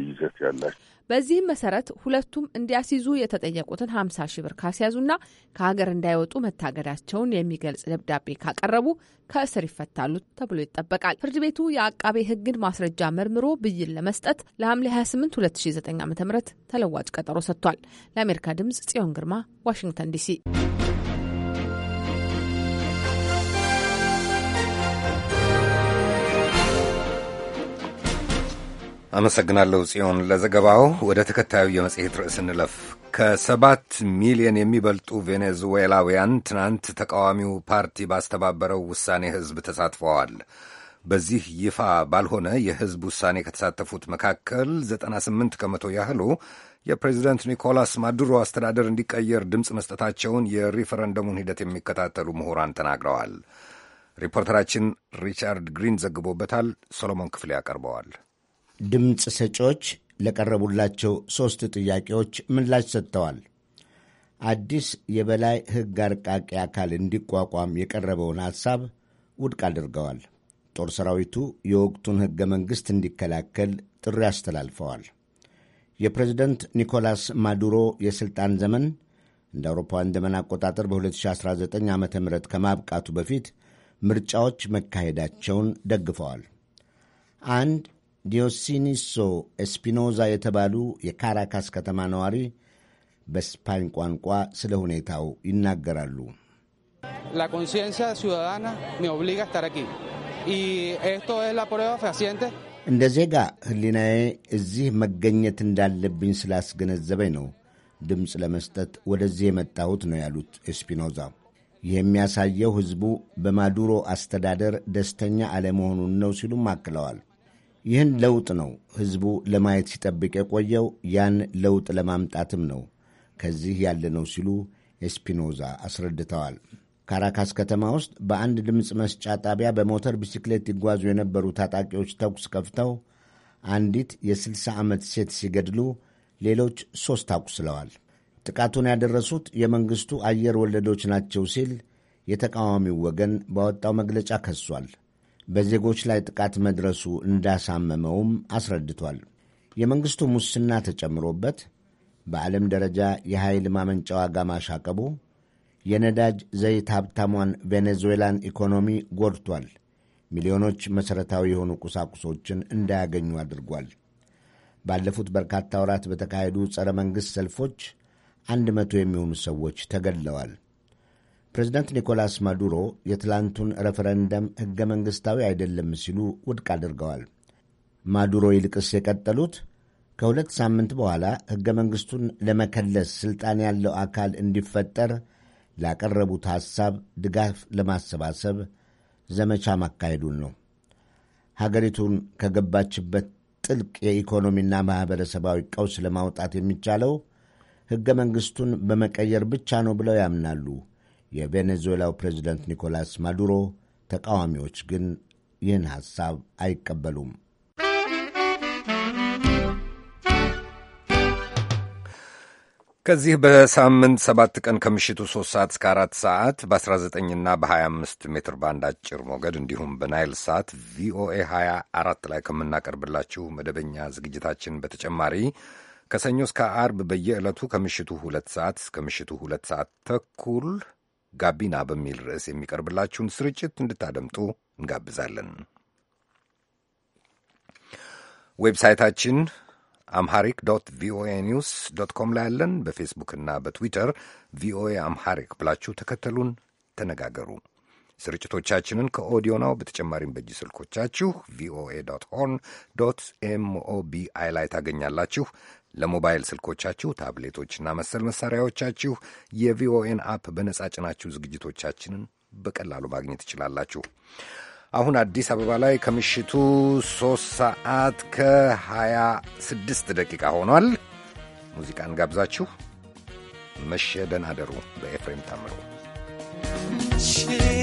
ይዘት ያላቸው። በዚህም መሰረት ሁለቱም እንዲያስይዙ የተጠየቁትን ሀምሳ ሺህ ብር ካስያዙና ከሀገር እንዳይወጡ መታገዳቸውን የሚገልጽ ደብዳቤ ካቀረቡ ከእስር ይፈታሉ ተብሎ ይጠበቃል። ፍርድ ቤቱ የአቃቤ ሕግን ማስረጃ መርምሮ ብይን ለመስጠት ለሐምሌ 28 2009 ዓ ም ተለዋጭ ቀጠሮ ሰጥቷል። ለአሜሪካ ድምጽ ጽዮን ግርማ ዋሽንግተን ዲሲ አመሰግናለሁ ጽዮን ለዘገባው። ወደ ተከታዩ የመጽሔት ርዕስ እንለፍ። ከሰባት ሚሊዮን የሚበልጡ ቬኔዙዌላውያን ትናንት ተቃዋሚው ፓርቲ ባስተባበረው ውሳኔ ሕዝብ ተሳትፈዋል። በዚህ ይፋ ባልሆነ የሕዝብ ውሳኔ ከተሳተፉት መካከል 98 ከመቶ ያህሉ የፕሬዚደንት ኒኮላስ ማዱሮ አስተዳደር እንዲቀየር ድምፅ መስጠታቸውን የሪፈረንደሙን ሂደት የሚከታተሉ ምሁራን ተናግረዋል። ሪፖርተራችን ሪቻርድ ግሪን ዘግቦበታል። ሶሎሞን ክፍሌ ያቀርበዋል። ድምፅ ሰጪዎች ለቀረቡላቸው ሦስት ጥያቄዎች ምላሽ ሰጥተዋል። አዲስ የበላይ ሕግ አርቃቂ አካል እንዲቋቋም የቀረበውን ሐሳብ ውድቅ አድርገዋል። ጦር ሰራዊቱ የወቅቱን ሕገ መንግሥት እንዲከላከል ጥሪ አስተላልፈዋል። የፕሬዝደንት ኒኮላስ ማዱሮ የሥልጣን ዘመን እንደ አውሮፓውያን ዘመን አቆጣጠር በ2019 ዓ ም ከማብቃቱ በፊት ምርጫዎች መካሄዳቸውን ደግፈዋል። አንድ ዲዮሲኒሶ ኤስፒኖዛ የተባሉ የካራካስ ከተማ ነዋሪ በስፓኝ ቋንቋ ስለ ሁኔታው ይናገራሉ። La conciencia ciudadana me obliga a estar aquí. እንደ ዜጋ ህሊናዬ እዚህ መገኘት እንዳለብኝ ስላስገነዘበኝ ነው ድምፅ ለመስጠት ወደዚህ የመጣሁት ነው ያሉት ኤስፒኖዛ። ይህ የሚያሳየው ሕዝቡ በማዱሮ አስተዳደር ደስተኛ አለመሆኑን ነው ሲሉም አክለዋል። ይህን ለውጥ ነው ሕዝቡ ለማየት ሲጠብቅ የቆየው ያን ለውጥ ለማምጣትም ነው ከዚህ ያለ ነው ሲሉ ኤስፒኖዛ አስረድተዋል። ካራካስ ከተማ ውስጥ በአንድ ድምፅ መስጫ ጣቢያ በሞተር ቢስክሌት ይጓዙ የነበሩ ታጣቂዎች ተኩስ ከፍተው አንዲት የ60 ዓመት ሴት ሲገድሉ ሌሎች ሦስት አቁስለዋል። ጥቃቱን ያደረሱት የመንግሥቱ አየር ወለዶች ናቸው ሲል የተቃዋሚው ወገን ባወጣው መግለጫ ከሷል። በዜጎች ላይ ጥቃት መድረሱ እንዳሳመመውም አስረድቷል። የመንግሥቱ ሙስና ተጨምሮበት በዓለም ደረጃ የኃይል ማመንጫ ዋጋ ማሻቀቡ የነዳጅ ዘይት ሀብታሟን ቬኔዙዌላን ኢኮኖሚ ጎድቷል። ሚሊዮኖች መሠረታዊ የሆኑ ቁሳቁሶችን እንዳያገኙ አድርጓል። ባለፉት በርካታ ወራት በተካሄዱ ጸረ መንግሥት ሰልፎች አንድ መቶ የሚሆኑ ሰዎች ተገድለዋል። ፕሬዚዳንት ኒኮላስ ማዱሮ የትላንቱን ሬፈረንደም ሕገ መንግሥታዊ አይደለም ሲሉ ውድቅ አድርገዋል። ማዱሮ ይልቅስ የቀጠሉት ከሁለት ሳምንት በኋላ ሕገ መንግሥቱን ለመከለስ ሥልጣን ያለው አካል እንዲፈጠር ላቀረቡት ሐሳብ ድጋፍ ለማሰባሰብ ዘመቻ ማካሄዱን ነው። ሀገሪቱን ከገባችበት ጥልቅ የኢኮኖሚና ማኅበረሰባዊ ቀውስ ለማውጣት የሚቻለው ሕገ መንግሥቱን በመቀየር ብቻ ነው ብለው ያምናሉ የቬኔዙዌላው ፕሬዚደንት ኒኮላስ ማዱሮ ተቃዋሚዎች ግን ይህን ሐሳብ አይቀበሉም። ከዚህ በሳምንት ሰባት ቀን ከምሽቱ ሶስት ሰዓት እስከ 4 ሰዓት በ19ና በ25 ሜትር ባንድ አጭር ሞገድ እንዲሁም በናይል ሳት ቪኦኤ 24 ላይ ከምናቀርብላችሁ መደበኛ ዝግጅታችን በተጨማሪ ከሰኞ እስከ አርብ በየዕለቱ ከምሽቱ ሁለት ሰዓት እስከ ምሽቱ ሁለት ሰዓት ተኩል ጋቢና በሚል ርዕስ የሚቀርብላችሁን ስርጭት እንድታደምጡ እንጋብዛለን። ዌብሳይታችን አምሃሪክ ዶት ቪኦኤ ኒውስ ዶት ኮም ላይ ያለን። በፌስቡክና በትዊተር ቪኦኤ አምሃሪክ ብላችሁ ተከተሉን፣ ተነጋገሩ። ስርጭቶቻችንን ከኦዲዮ ናው በተጨማሪም በእጅ ስልኮቻችሁ ቪኦኤ ዶት ሆርን ዶት ኤምኦቢአይ ላይ ታገኛላችሁ። ለሞባይል ስልኮቻችሁ ታብሌቶችና መሰል መሳሪያዎቻችሁ የቪኦኤን አፕ በነጻ ጭናችሁ ዝግጅቶቻችንን በቀላሉ ማግኘት ትችላላችሁ። አሁን አዲስ አበባ ላይ ከምሽቱ 3 ሰዓት ከ26 ደቂቃ ሆኗል። ሙዚቃን ጋብዛችሁ መሸ ደህና አደሩ በኤፍሬም ታምሩ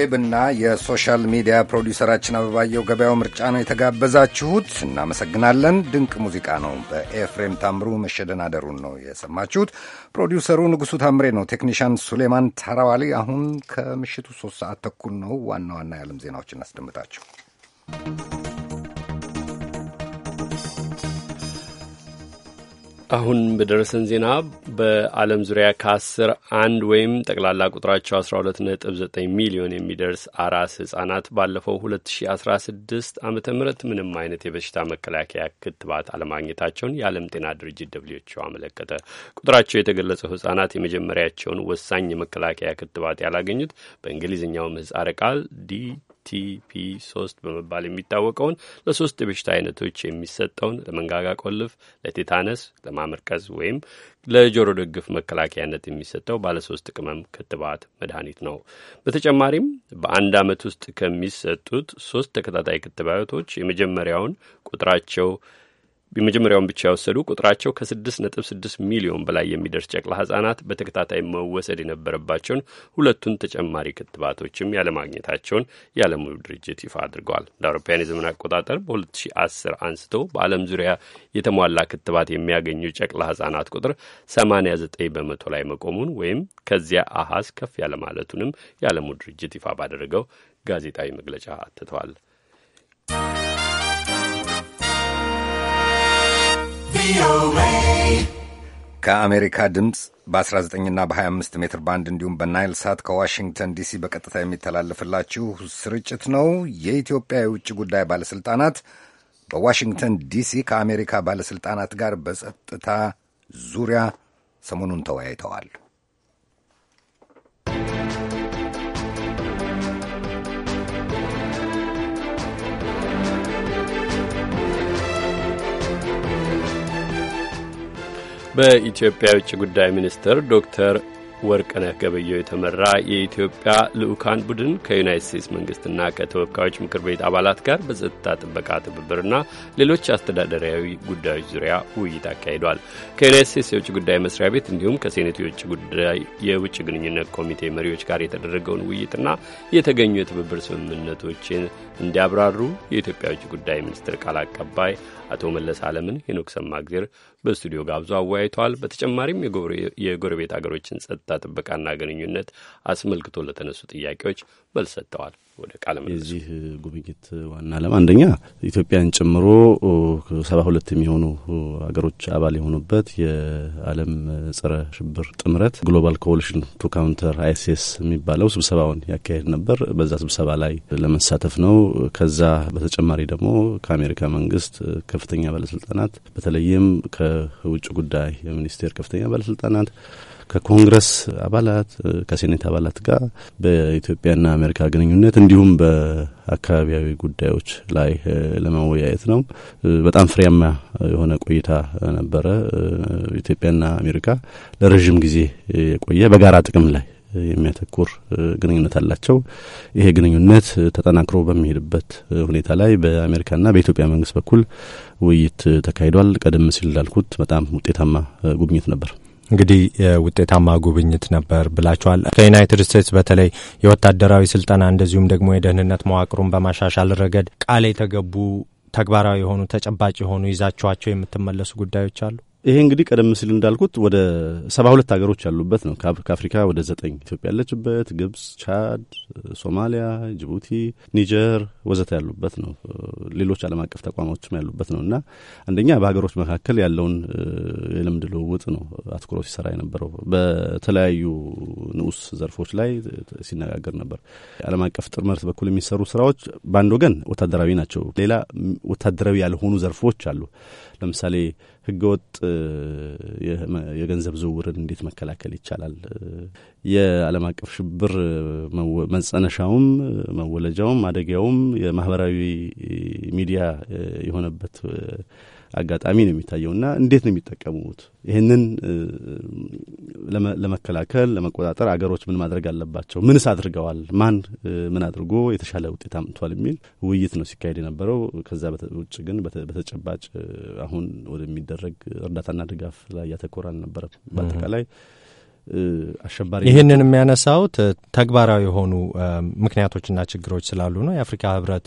የዌብና የሶሻል ሚዲያ ፕሮዲውሰራችን አበባየው ገበያው ምርጫ ነው የተጋበዛችሁት። እናመሰግናለን። ድንቅ ሙዚቃ ነው። በኤፍሬም ታምሩ መሸደናደሩን ነው የሰማችሁት። ፕሮዲውሰሩ ንጉሱ ታምሬ ነው። ቴክኒሻን ሱሌማን ታራዋሊ። አሁን ከምሽቱ ሶስት ሰዓት ተኩል ነው። ዋና ዋና የዓለም ዜናዎች እናስደምጣችሁ። አሁን በደረሰን ዜና በዓለም ዙሪያ ከአስር አንድ ወይም ጠቅላላ ቁጥራቸው 12.9 ሚሊዮን የሚደርስ አራስ ህጻናት ባለፈው 2016 ዓ ም ምንም አይነት የበሽታ መከላከያ ክትባት አለማግኘታቸውን የዓለም ጤና ድርጅት ደብሊውኤችኦ አመለከተ። ቁጥራቸው የተገለጸው ህጻናት የመጀመሪያቸውን ወሳኝ የመከላከያ ክትባት ያላገኙት በእንግሊዝኛው ምህጻረ ቃል ዲ ቲፒ ሶስት በመባል የሚታወቀውን ለሶስት የበሽታ አይነቶች የሚሰጠውን ለመንጋጋ ቆልፍ፣ ለቴታነስ፣ ለማመርቀዝ ወይም ለጆሮ ደግፍ መከላከያነት የሚሰጠው ባለሶስት ቅመም ክትባት መድኃኒት ነው። በተጨማሪም በአንድ ዓመት ውስጥ ከሚሰጡት ሶስት ተከታታይ ክትባቶች የመጀመሪያውን ቁጥራቸው የመጀመሪያውን ብቻ የወሰዱ ቁጥራቸው ከስድስት ነጥብ ስድስት ሚሊዮን በላይ የሚደርስ ጨቅላ ህጻናት በተከታታይ መወሰድ የነበረባቸውን ሁለቱን ተጨማሪ ክትባቶችም ያለማግኘታቸውን የዓለሙ ድርጅት ይፋ አድርገዋል። እንደ አውሮፓውያን የዘመን አቆጣጠር በ2010 አንስቶ በዓለም ዙሪያ የተሟላ ክትባት የሚያገኙ ጨቅላ ህጻናት ቁጥር 89 በመቶ ላይ መቆሙን ወይም ከዚያ አሃዝ ከፍ ያለማለቱንም የዓለሙ ድርጅት ይፋ ባደረገው ጋዜጣዊ መግለጫ አትተዋል። ከአሜሪካ ድምፅ በ19ና በ25 ሜትር ባንድ እንዲሁም በናይል ሳት ከዋሽንግተን ዲሲ በቀጥታ የሚተላለፍላችሁ ስርጭት ነው። የኢትዮጵያ የውጭ ጉዳይ ባለሥልጣናት በዋሽንግተን ዲሲ ከአሜሪካ ባለሥልጣናት ጋር በጸጥታ ዙሪያ ሰሞኑን ተወያይተዋል። በኢትዮጵያ የውጭ ጉዳይ ሚኒስትር ዶክተር ወርቅነህ ገበየሁ የተመራ የኢትዮጵያ ልዑካን ቡድን ከዩናይት ስቴትስ መንግስትና ከተወካዮች ምክር ቤት አባላት ጋር በጸጥታ ጥበቃ ትብብርና ሌሎች አስተዳደራዊ ጉዳዮች ዙሪያ ውይይት አካሂዷል። ከዩናይት ስቴትስ የውጭ ጉዳይ መስሪያ ቤት እንዲሁም ከሴኔቱ የውጭ ጉዳይ የውጭ ግንኙነት ኮሚቴ መሪዎች ጋር የተደረገውን ውይይትና የተገኙ የትብብር ስምምነቶችን እንዲያብራሩ የኢትዮጵያ ውጭ ጉዳይ ሚኒስትር ቃል አቀባይ አቶ መለስ አለምን ሄኖክ ሰማግዜር በስቱዲዮ ጋብዞ አወያይተዋል። በተጨማሪም የጎረቤት አገሮችን ጸጥታ ጥበቃና ግንኙነት አስመልክቶ ለተነሱ ጥያቄዎች መልስ ሰጥተዋል። ወደ ቃለ የዚህ ጉብኝት ዋና ዓላማ አንደኛ ኢትዮጵያን ጨምሮ ሰባ ሁለት የሚሆኑ ሀገሮች አባል የሆኑበት የዓለም ጸረ ሽብር ጥምረት ግሎባል ኮሊሽን ቱ ካውንተር አይሲስ የሚባለው ስብሰባውን ያካሄድ ነበር። በዛ ስብሰባ ላይ ለመሳተፍ ነው። ከዛ በተጨማሪ ደግሞ ከአሜሪካ መንግስት ከፍተኛ ባለስልጣናት በተለይም ከውጭ ጉዳይ ሚኒስቴር ከፍተኛ ባለስልጣናት ከኮንግረስ አባላት ከሴኔት አባላት ጋር በኢትዮጵያና አሜሪካ ግንኙነት እንዲሁም በአካባቢያዊ ጉዳዮች ላይ ለመወያየት ነው። በጣም ፍሬያማ የሆነ ቆይታ ነበረ። ኢትዮጵያና አሜሪካ ለረዥም ጊዜ የቆየ በጋራ ጥቅም ላይ የሚያተኩር ግንኙነት አላቸው። ይሄ ግንኙነት ተጠናክሮ በሚሄድበት ሁኔታ ላይ በአሜሪካና በኢትዮጵያ መንግስት በኩል ውይይት ተካሂዷል። ቀደም ሲል ላልኩት በጣም ውጤታማ ጉብኝት ነበር። እንግዲህ ውጤታማ ጉብኝት ነበር ብላችኋል። ከዩናይትድ ስቴትስ በተለይ የወታደራዊ ስልጠና እንደዚሁም ደግሞ የደህንነት መዋቅሩን በማሻሻል ረገድ ቃል የተገቡ ተግባራዊ የሆኑ ተጨባጭ የሆኑ ይዛችኋቸው የምትመለሱ ጉዳዮች አሉ? ይሄ እንግዲህ ቀደም ሲል እንዳልኩት ወደ ሰባ ሁለት ሀገሮች ያሉበት ነው። ከአፍሪካ ወደ ዘጠኝ ኢትዮጵያ ያለችበት፣ ግብጽ፣ ቻድ፣ ሶማሊያ፣ ጅቡቲ፣ ኒጀር ወዘተ ያሉበት ነው። ሌሎች ዓለም አቀፍ ተቋሞችም ያሉበት ነው እና አንደኛ በሀገሮች መካከል ያለውን የልምድ ልውውጥ ነው አትኩሮ ሲሰራ የነበረው በተለያዩ ንዑስ ዘርፎች ላይ ሲነጋገር ነበር። ዓለም አቀፍ ጥምረት በኩል የሚሰሩ ስራዎች በአንድ ወገን ወታደራዊ ናቸው። ሌላ ወታደራዊ ያልሆኑ ዘርፎች አሉ። ለምሳሌ ህገወጥ የገንዘብ ዝውውርን እንዴት መከላከል ይቻላል? የዓለም አቀፍ ሽብር መጸነሻውም መወለጃውም አደጊያውም የማህበራዊ ሚዲያ የሆነበት አጋጣሚ ነው የሚታየው እና እንዴት ነው የሚጠቀሙት? ይህንን ለመከላከል ለመቆጣጠር አገሮች ምን ማድረግ አለባቸው? ምንስ አድርገዋል? ማን ምን አድርጎ የተሻለ ውጤት አምጥቷል? የሚል ውይይት ነው ሲካሄድ የነበረው። ከዛ ውጭ ግን በተጨባጭ አሁን ወደሚደረግ የሚደረግ እርዳታና ድጋፍ ላይ ያተኮረ አልነበረም። በአጠቃላይ አሸባሪ ይህንን የሚያነሳውት ተግባራዊ የሆኑ ምክንያቶችና ችግሮች ስላሉ ነው። የአፍሪካ ህብረት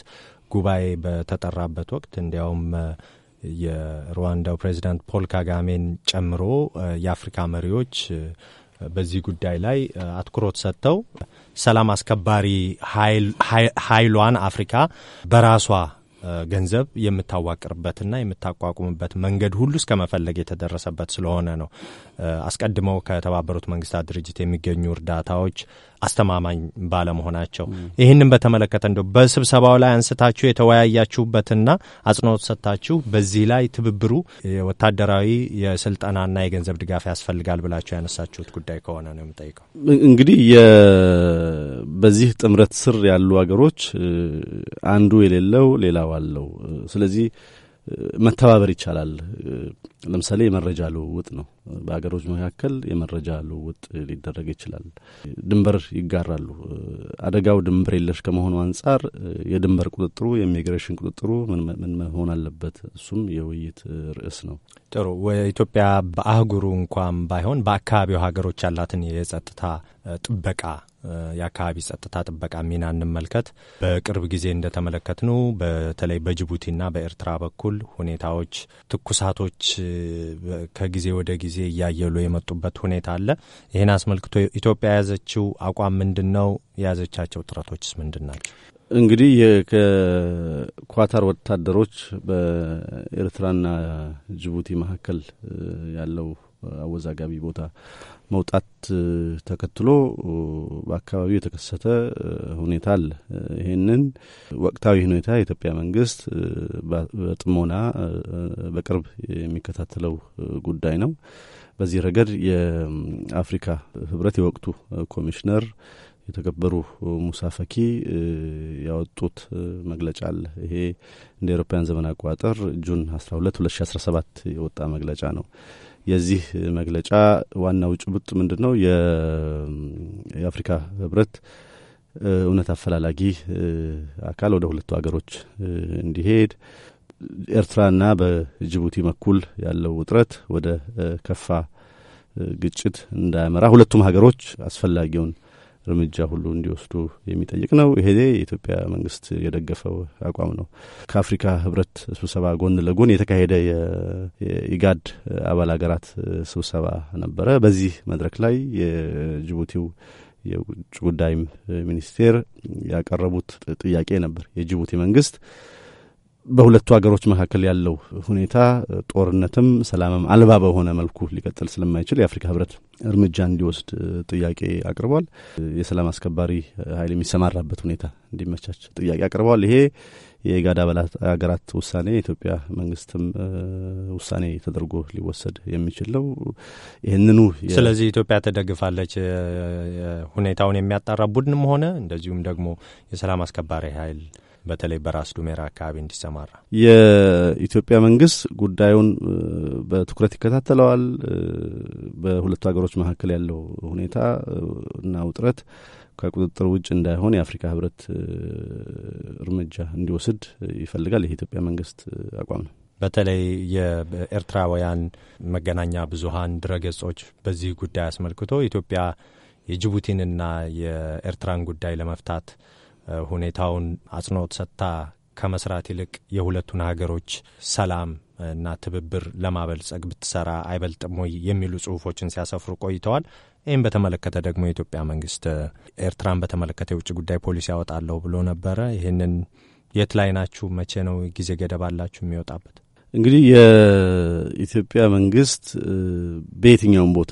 ጉባኤ በተጠራበት ወቅት እንዲያውም የሩዋንዳው ፕሬዚዳንት ፖል ካጋሜን ጨምሮ የአፍሪካ መሪዎች በዚህ ጉዳይ ላይ አትኩሮት ሰጥተው ሰላም አስከባሪ ኃይሏን አፍሪካ በራሷ ገንዘብ የምታዋቅርበትና የምታቋቁምበት መንገድ ሁሉ እስከ መፈለግ የተደረሰበት ስለሆነ ነው። አስቀድመው ከተባበሩት መንግስታት ድርጅት የሚገኙ እርዳታዎች አስተማማኝ ባለመሆናቸው ይህንን በተመለከተ እንደ በስብሰባው ላይ አንስታችሁ የተወያያችሁበትና አጽንኦት ሰጥታችሁ በዚህ ላይ ትብብሩ የወታደራዊ የስልጠናና የገንዘብ ድጋፍ ያስፈልጋል ብላችሁ ያነሳችሁት ጉዳይ ከሆነ ነው የምጠይቀው። እንግዲህ በዚህ ጥምረት ስር ያሉ ሀገሮች አንዱ የሌለው ሌላው አለው። ስለዚህ መተባበር ይቻላል። ለምሳሌ የመረጃ ልውውጥ ነው። በሀገሮች መካከል የመረጃ ልውውጥ ሊደረግ ይችላል። ድንበር ይጋራሉ። አደጋው ድንበር የለሽ ከመሆኑ አንጻር የድንበር ቁጥጥሩ፣ የኢሚግሬሽን ቁጥጥሩ ምን መሆን አለበት? እሱም የውይይት ርዕስ ነው። ጥሩ። ኢትዮጵያ በአህጉሩ እንኳን ባይሆን በአካባቢው ሀገሮች ያላትን የጸጥታ ጥበቃ የአካባቢ ጸጥታ ጥበቃ ሚና እንመልከት። በቅርብ ጊዜ እንደተመለከትነው በተለይ በጅቡቲና በኤርትራ በኩል ሁኔታዎች፣ ትኩሳቶች ከጊዜ ወደ ጊዜ እያየሉ የመጡበት ሁኔታ አለ። ይህን አስመልክቶ ኢትዮጵያ የያዘችው አቋም ምንድን ነው? የያዘቻቸው ጥረቶችስ ምንድን ናቸው? እንግዲህ የኳታር ወታደሮች በኤርትራና ጅቡቲ መካከል ያለው አወዛጋቢ ቦታ መውጣት ተከትሎ በአካባቢው የተከሰተ ሁኔታ አለ። ይህንን ወቅታዊ ሁኔታ የኢትዮጵያ መንግስት በጥሞና በቅርብ የሚከታተለው ጉዳይ ነው። በዚህ ረገድ የአፍሪካ ህብረት የወቅቱ ኮሚሽነር የተከበሩ ሙሳ ፈኪ ያወጡት መግለጫ አለ። ይሄ እንደ ኤሮፓያን ዘመን አቆጣጠር ጁን አስራ ሁለት ሁለት ሺ አስራ ሰባት የወጣ መግለጫ ነው። የዚህ መግለጫ ዋናው ጭብጥ ምንድን ነው? የአፍሪካ ህብረት እውነት አፈላላጊ አካል ወደ ሁለቱ ሀገሮች እንዲሄድ ኤርትራና በጅቡቲ በኩል ያለው ውጥረት ወደ ከፋ ግጭት እንዳያመራ ሁለቱም ሀገሮች አስፈላጊውን እርምጃ ሁሉ እንዲወስዱ የሚጠይቅ ነው። ይሄ የኢትዮጵያ መንግስት የደገፈው አቋም ነው። ከአፍሪካ ህብረት ስብሰባ ጎን ለጎን የተካሄደ የኢጋድ አባል ሀገራት ስብሰባ ነበረ። በዚህ መድረክ ላይ የጅቡቲው የውጭ ጉዳይ ሚኒስቴር ያቀረቡት ጥያቄ ነበር። የጅቡቲ መንግስት በሁለቱ ሀገሮች መካከል ያለው ሁኔታ ጦርነትም ሰላምም አልባ በሆነ መልኩ ሊቀጥል ስለማይችል የአፍሪካ ህብረት እርምጃ እንዲወስድ ጥያቄ አቅርቧል። የሰላም አስከባሪ ኃይል የሚሰማራበት ሁኔታ እንዲመቻች ጥያቄ አቅርቧል። ይሄ የኢጋድ አባላት ሀገራት ውሳኔ የኢትዮጵያ መንግስትም ውሳኔ ተደርጎ ሊወሰድ የሚችል ነው። ይህንኑ ስለዚህ ኢትዮጵያ ትደግፋለች። ሁኔታውን የሚያጣራ ቡድንም ሆነ እንደዚሁም ደግሞ የሰላም አስከባሪ ኃይል በተለይ በራስ ዱሜራ አካባቢ እንዲሰማራ የኢትዮጵያ መንግስት ጉዳዩን በትኩረት ይከታተለዋል። በሁለቱ ሀገሮች መካከል ያለው ሁኔታ እና ውጥረት ከቁጥጥር ውጭ እንዳይሆን የአፍሪካ ህብረት እርምጃ እንዲወስድ ይፈልጋል። የኢትዮጵያ መንግስት አቋም ነው። በተለይ የኤርትራውያን መገናኛ ብዙሀን ድረገጾች በዚህ ጉዳይ አስመልክቶ ኢትዮጵያ የጅቡቲንና የኤርትራን ጉዳይ ለመፍታት ሁኔታውን አጽንኦት ሰጥታ ከመስራት ይልቅ የሁለቱን ሀገሮች ሰላም እና ትብብር ለማበልጸግ ብትሰራ አይበልጥም ወይ የሚሉ ጽሁፎችን ሲያሰፍሩ ቆይተዋል። ይህም በተመለከተ ደግሞ የኢትዮጵያ መንግስት ኤርትራን በተመለከተ የውጭ ጉዳይ ፖሊሲ ያወጣለሁ ብሎ ነበረ። ይህንን የት ላይ ናችሁ? መቼ ነው ጊዜ ገደብ አላችሁ የሚወጣበት? እንግዲህ የኢትዮጵያ መንግስት በየትኛውም ቦታ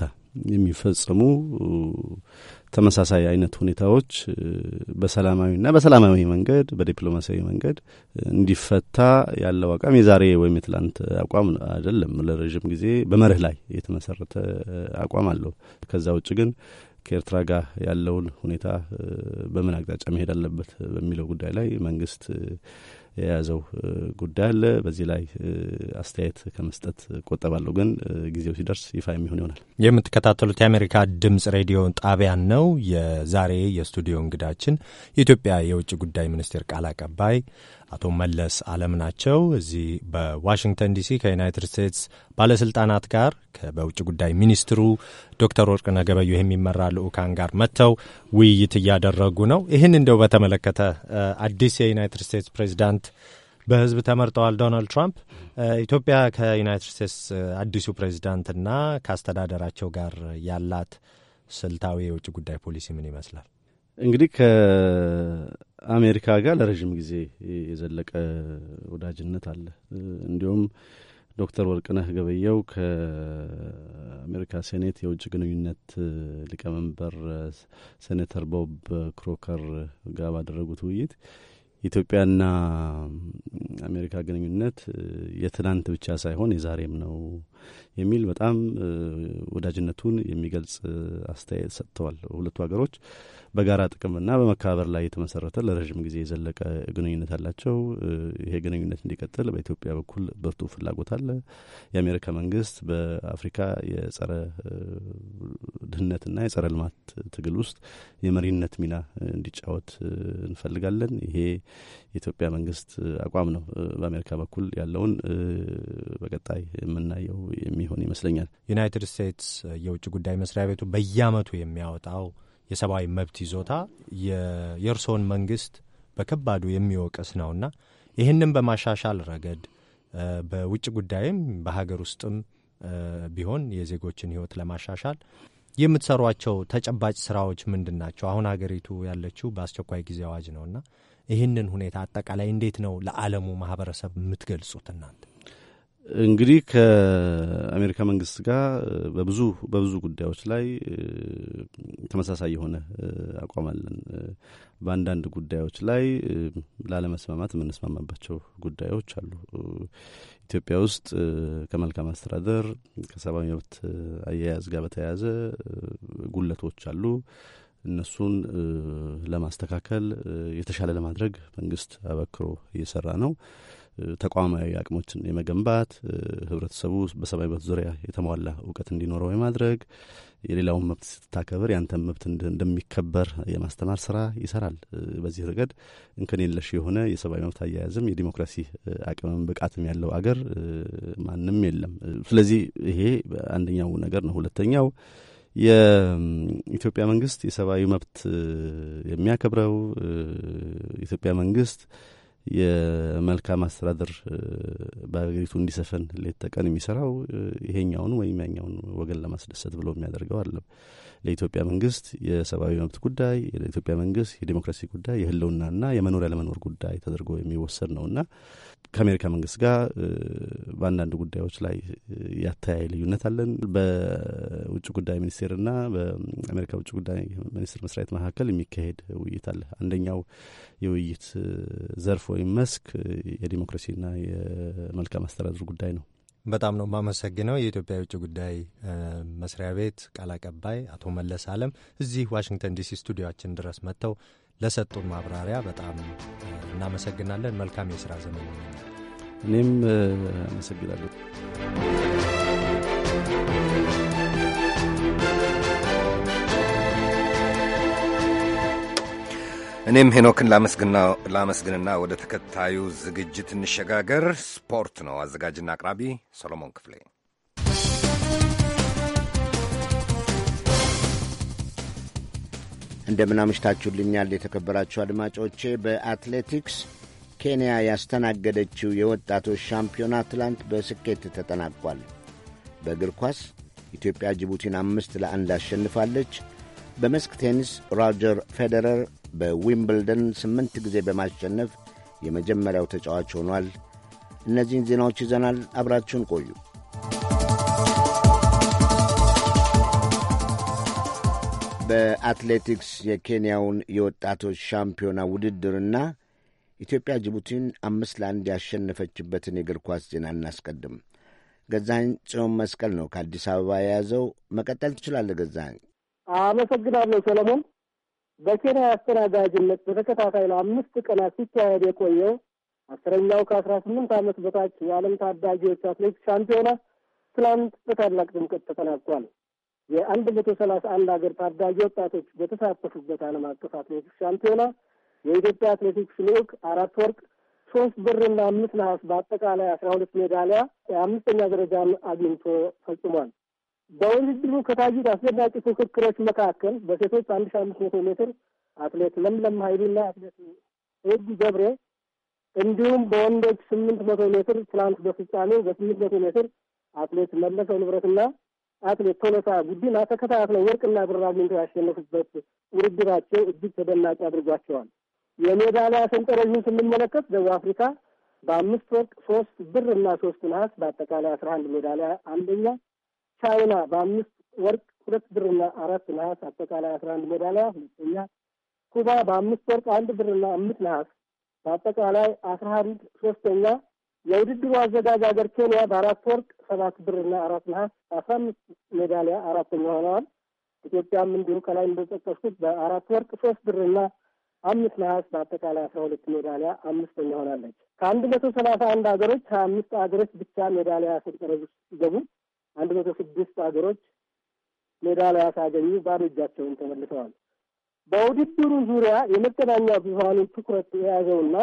የሚፈጸሙ ተመሳሳይ አይነት ሁኔታዎች በሰላማዊና በሰላማዊ መንገድ በዲፕሎማሲያዊ መንገድ እንዲፈታ ያለው አቋም የዛሬ ወይም የትላንት አቋም አይደለም። ለረዥም ጊዜ በመርህ ላይ የተመሰረተ አቋም አለው። ከዛ ውጭ ግን ከኤርትራ ጋር ያለውን ሁኔታ በምን አቅጣጫ መሄድ አለበት በሚለው ጉዳይ ላይ መንግስት የያዘው ጉዳይ አለ። በዚህ ላይ አስተያየት ከመስጠት ቆጠባለሁ፣ ግን ጊዜው ሲደርስ ይፋ የሚሆን ይሆናል። የምትከታተሉት የአሜሪካ ድምጽ ሬዲዮ ጣቢያን ነው። የዛሬ የስቱዲዮ እንግዳችን የኢትዮጵያ የውጭ ጉዳይ ሚኒስቴር ቃል አቀባይ አቶ መለስ አለም ናቸው። እዚህ በዋሽንግተን ዲሲ ከዩናይትድ ስቴትስ ባለስልጣናት ጋር በውጭ ጉዳይ ሚኒስትሩ ዶክተር ወርቅነህ ገበየሁ የሚመራ ልዑካን ጋር መጥተው ውይይት እያደረጉ ነው። ይህን እንደው በተመለከተ አዲስ የዩናይትድ ስቴትስ ፕሬዚዳንት በህዝብ ተመርጠዋል። ዶናልድ ትራምፕ ኢትዮጵያ ከዩናይትድ ስቴትስ አዲሱ ፕሬዚዳንትና ከአስተዳደራቸው ጋር ያላት ስልታዊ የውጭ ጉዳይ ፖሊሲ ምን ይመስላል? እንግዲህ ከአሜሪካ ጋር ለረዥም ጊዜ የዘለቀ ወዳጅነት አለ። እንዲሁም ዶክተር ወርቅነህ ገበየው ከአሜሪካ ሴኔት የውጭ ግንኙነት ሊቀመንበር ሴኔተር ቦብ ክሮከር ጋር ባደረጉት ውይይት ኢትዮጵያና አሜሪካ ግንኙነት የትናንት ብቻ ሳይሆን የዛሬም ነው የሚል በጣም ወዳጅነቱን የሚገልጽ አስተያየት ሰጥተዋል። ሁለቱ ሀገሮች በጋራ ጥቅምና በመከባበር ላይ የተመሰረተ ለረዥም ጊዜ የዘለቀ ግንኙነት አላቸው። ይሄ ግንኙነት እንዲቀጥል በኢትዮጵያ በኩል ብርቱ ፍላጎት አለ። የአሜሪካ መንግስት በአፍሪካ የጸረ ድህነትና የጸረ ልማት ትግል ውስጥ የመሪነት ሚና እንዲጫወት እንፈልጋለን። ይሄ የኢትዮጵያ መንግስት አቋም ነው በአሜሪካ በኩል ያለውን በቀጣይ የምናየው የሚሆን ይመስለኛል። ዩናይትድ ስቴትስ የውጭ ጉዳይ መስሪያ ቤቱ በየአመቱ የሚያወጣው የሰብአዊ መብት ይዞታ የእርስዎን መንግስት በከባዱ የሚወቅስ ነውና ይህንም በማሻሻል ረገድ በውጭ ጉዳይም በሀገር ውስጥም ቢሆን የዜጎችን ህይወት ለማሻሻል የምትሰሯቸው ተጨባጭ ስራዎች ምንድን ናቸው? አሁን ሀገሪቱ ያለችው በአስቸኳይ ጊዜ አዋጅ ነውና ይህንን ሁኔታ አጠቃላይ እንዴት ነው ለዓለሙ ማህበረሰብ የምትገልጹት እናንተ? እንግዲህ ከአሜሪካ መንግስት ጋር በብዙ በብዙ ጉዳዮች ላይ ተመሳሳይ የሆነ አቋም አለን። በአንዳንድ ጉዳዮች ላይ ላለመስማማት የምንስማማባቸው ጉዳዮች አሉ። ኢትዮጵያ ውስጥ ከመልካም አስተዳደር ከሰብአዊ መብት አያያዝ ጋር በተያያዘ ጉለቶች አሉ። እነሱን ለማስተካከል የተሻለ ለማድረግ መንግስት አበክሮ እየሰራ ነው። ተቋማዊ አቅሞችን የመገንባት ህብረተሰቡ በሰብአዊ መብት ዙሪያ የተሟላ እውቀት እንዲኖረው የማድረግ የሌላውን መብት ስትታከብር ያንተን መብት እንደሚከበር የማስተማር ስራ ይሰራል። በዚህ ረገድ እንከን የለሽ የሆነ የሰብአዊ መብት አያያዝም የዲሞክራሲ አቅምም ብቃትም ያለው አገር ማንም የለም። ስለዚህ ይሄ አንደኛው ነገር ነው። ሁለተኛው የኢትዮጵያ መንግስት የሰብአዊ መብት የሚያከብረው ኢትዮጵያ መንግስት የመልካም አስተዳደር በሀገሪቱ እንዲሰፍን ሌት ተቀን የሚሰራው ይሄኛውን ወይም ያኛውን ወገን ለማስደሰት ብሎ የሚያደርገው አይደለም። ለኢትዮጵያ መንግስት የሰብአዊ መብት ጉዳይ፣ ለኢትዮጵያ መንግስት የዲሞክራሲ ጉዳይ፣ የህልውናና የመኖር ያለመኖር ጉዳይ ተደርጎ የሚወሰድ ነውና ከአሜሪካ መንግስት ጋር በአንዳንድ ጉዳዮች ላይ ያተያየ ልዩነት አለን። በውጭ ጉዳይ ሚኒስቴርና በአሜሪካ ውጭ ጉዳይ ሚኒስትር መስሪያ ቤት መካከል የሚካሄድ ውይይት አለ። አንደኛው የውይይት ዘርፍ ወይም መስክ የዲሞክራሲና የመልካም አስተዳደር ጉዳይ ነው። በጣም ነው የማመሰግነው። የኢትዮጵያ የውጭ ጉዳይ መስሪያ ቤት ቃል አቀባይ አቶ መለስ አለም እዚህ ዋሽንግተን ዲሲ ስቱዲዮችን ድረስ መጥተው ለሰጡን ማብራሪያ በጣም እናመሰግናለን። መልካም የስራ ዘመን። እኔም አመሰግናለሁ። እኔም ሄኖክን ላመስግንና ወደ ተከታዩ ዝግጅት እንሸጋገር። ስፖርት ነው። አዘጋጅና አቅራቢ ሰሎሞን ክፍሌ እንደምን አምሽታችሁልኛል የተከበራችሁ አድማጮቼ። በአትሌቲክስ ኬንያ ያስተናገደችው የወጣቶች ሻምፒዮና ትላንት በስኬት ተጠናቋል። በእግር ኳስ ኢትዮጵያ ጅቡቲን አምስት ለአንድ አሸንፋለች። በመስክ ቴኒስ ሮጀር ፌዴረር በዊምብልደን ስምንት ጊዜ በማሸነፍ የመጀመሪያው ተጫዋች ሆኗል። እነዚህን ዜናዎች ይዘናል። አብራችሁን ቆዩ። በአትሌቲክስ የኬንያውን የወጣቶች ሻምፒዮና ውድድርና ኢትዮጵያ ጅቡቲን አምስት ለአንድ ያሸነፈችበትን የእግር ኳስ ዜና እናስቀድም። ገዛኝ ጽዮን መስቀል ነው ከአዲስ አበባ የያዘው። መቀጠል ትችላለህ ገዛኝ። አመሰግናለሁ ሰለሞን። በኬንያ አስተናጋጅነት በተከታታይ ለአምስት ቀናት ሲካሄድ የቆየው አስረኛው ከአስራ ስምንት ዓመት በታች የዓለም ታዳጊዎች አትሌቲክስ ሻምፒዮና ትላንት በታላቅ ድምቀት ተጠናቋል። የአንድ መቶ ሰላሳ አንድ ሀገር ታዳጊ ወጣቶች በተሳተፉበት ዓለም አቀፍ አትሌቲክስ ሻምፒዮና የኢትዮጵያ አትሌቲክስ ልዑክ አራት ወርቅ ሶስት ብርና አምስት ነሐስ በአጠቃላይ አስራ ሁለት ሜዳሊያ የአምስተኛ ደረጃ አግኝቶ ፈጽሟል። በውድድሩ ከታዩት አስደናቂ ፉክክሮች መካከል በሴቶች አንድ ሺ አምስት መቶ ሜትር አትሌት ለምለም ኃይሉና አትሌት ህጉ ገብሬ እንዲሁም በወንዶች ስምንት መቶ ሜትር ትናንት በፍጻሜ በስምንት መቶ ሜትር አትሌት መለሰው ንብረትና አትሌት ቶሎሳ ጉዲና ተከታትለው ወርቅና ብር አግኝተው ያሸነፉበት ውድድራቸው እጅግ ተደናቂ አድርጓቸዋል። የሜዳሊያ ሰንጠረዡን ስንመለከት ደቡብ አፍሪካ በአምስት ወርቅ ሶስት ብር እና ሶስት ነሐስ በአጠቃላይ አስራ አንድ ሜዳሊያ አንደኛ፣ ቻይና በአምስት ወርቅ ሁለት ብር ብርና አራት ነሐስ አጠቃላይ አስራ አንድ ሜዳሊያ ሁለተኛ፣ ኩባ በአምስት ወርቅ አንድ ብር ብርና አምስት ነሐስ በአጠቃላይ አስራ አንድ ሶስተኛ የውድድሩ አዘጋጅ ሀገር ኬንያ በአራት ወርቅ ሰባት ብርና አራት ነሐስ አስራ አምስት ሜዳሊያ አራተኛ ሆነዋል። ኢትዮጵያም እንዲሁም ከላይ እንደጠቀስኩት በአራት ወርቅ ሶስት ብርና አምስት ነሐስ በአጠቃላይ አስራ ሁለት ሜዳሊያ አምስተኛ ሆናለች። ከአንድ መቶ ሰላሳ አንድ ሀገሮች ሀያ አምስት ሀገሮች ብቻ ሜዳሊያ ሰንጠረዥ ውስጥ ሲገቡ አንድ መቶ ስድስት ሀገሮች ሜዳሊያ ሳያገኙ ባዶ እጃቸውን ተመልሰዋል። በውድድሩ ዙሪያ የመገናኛ ብዙሀኑን ትኩረት የያዘውና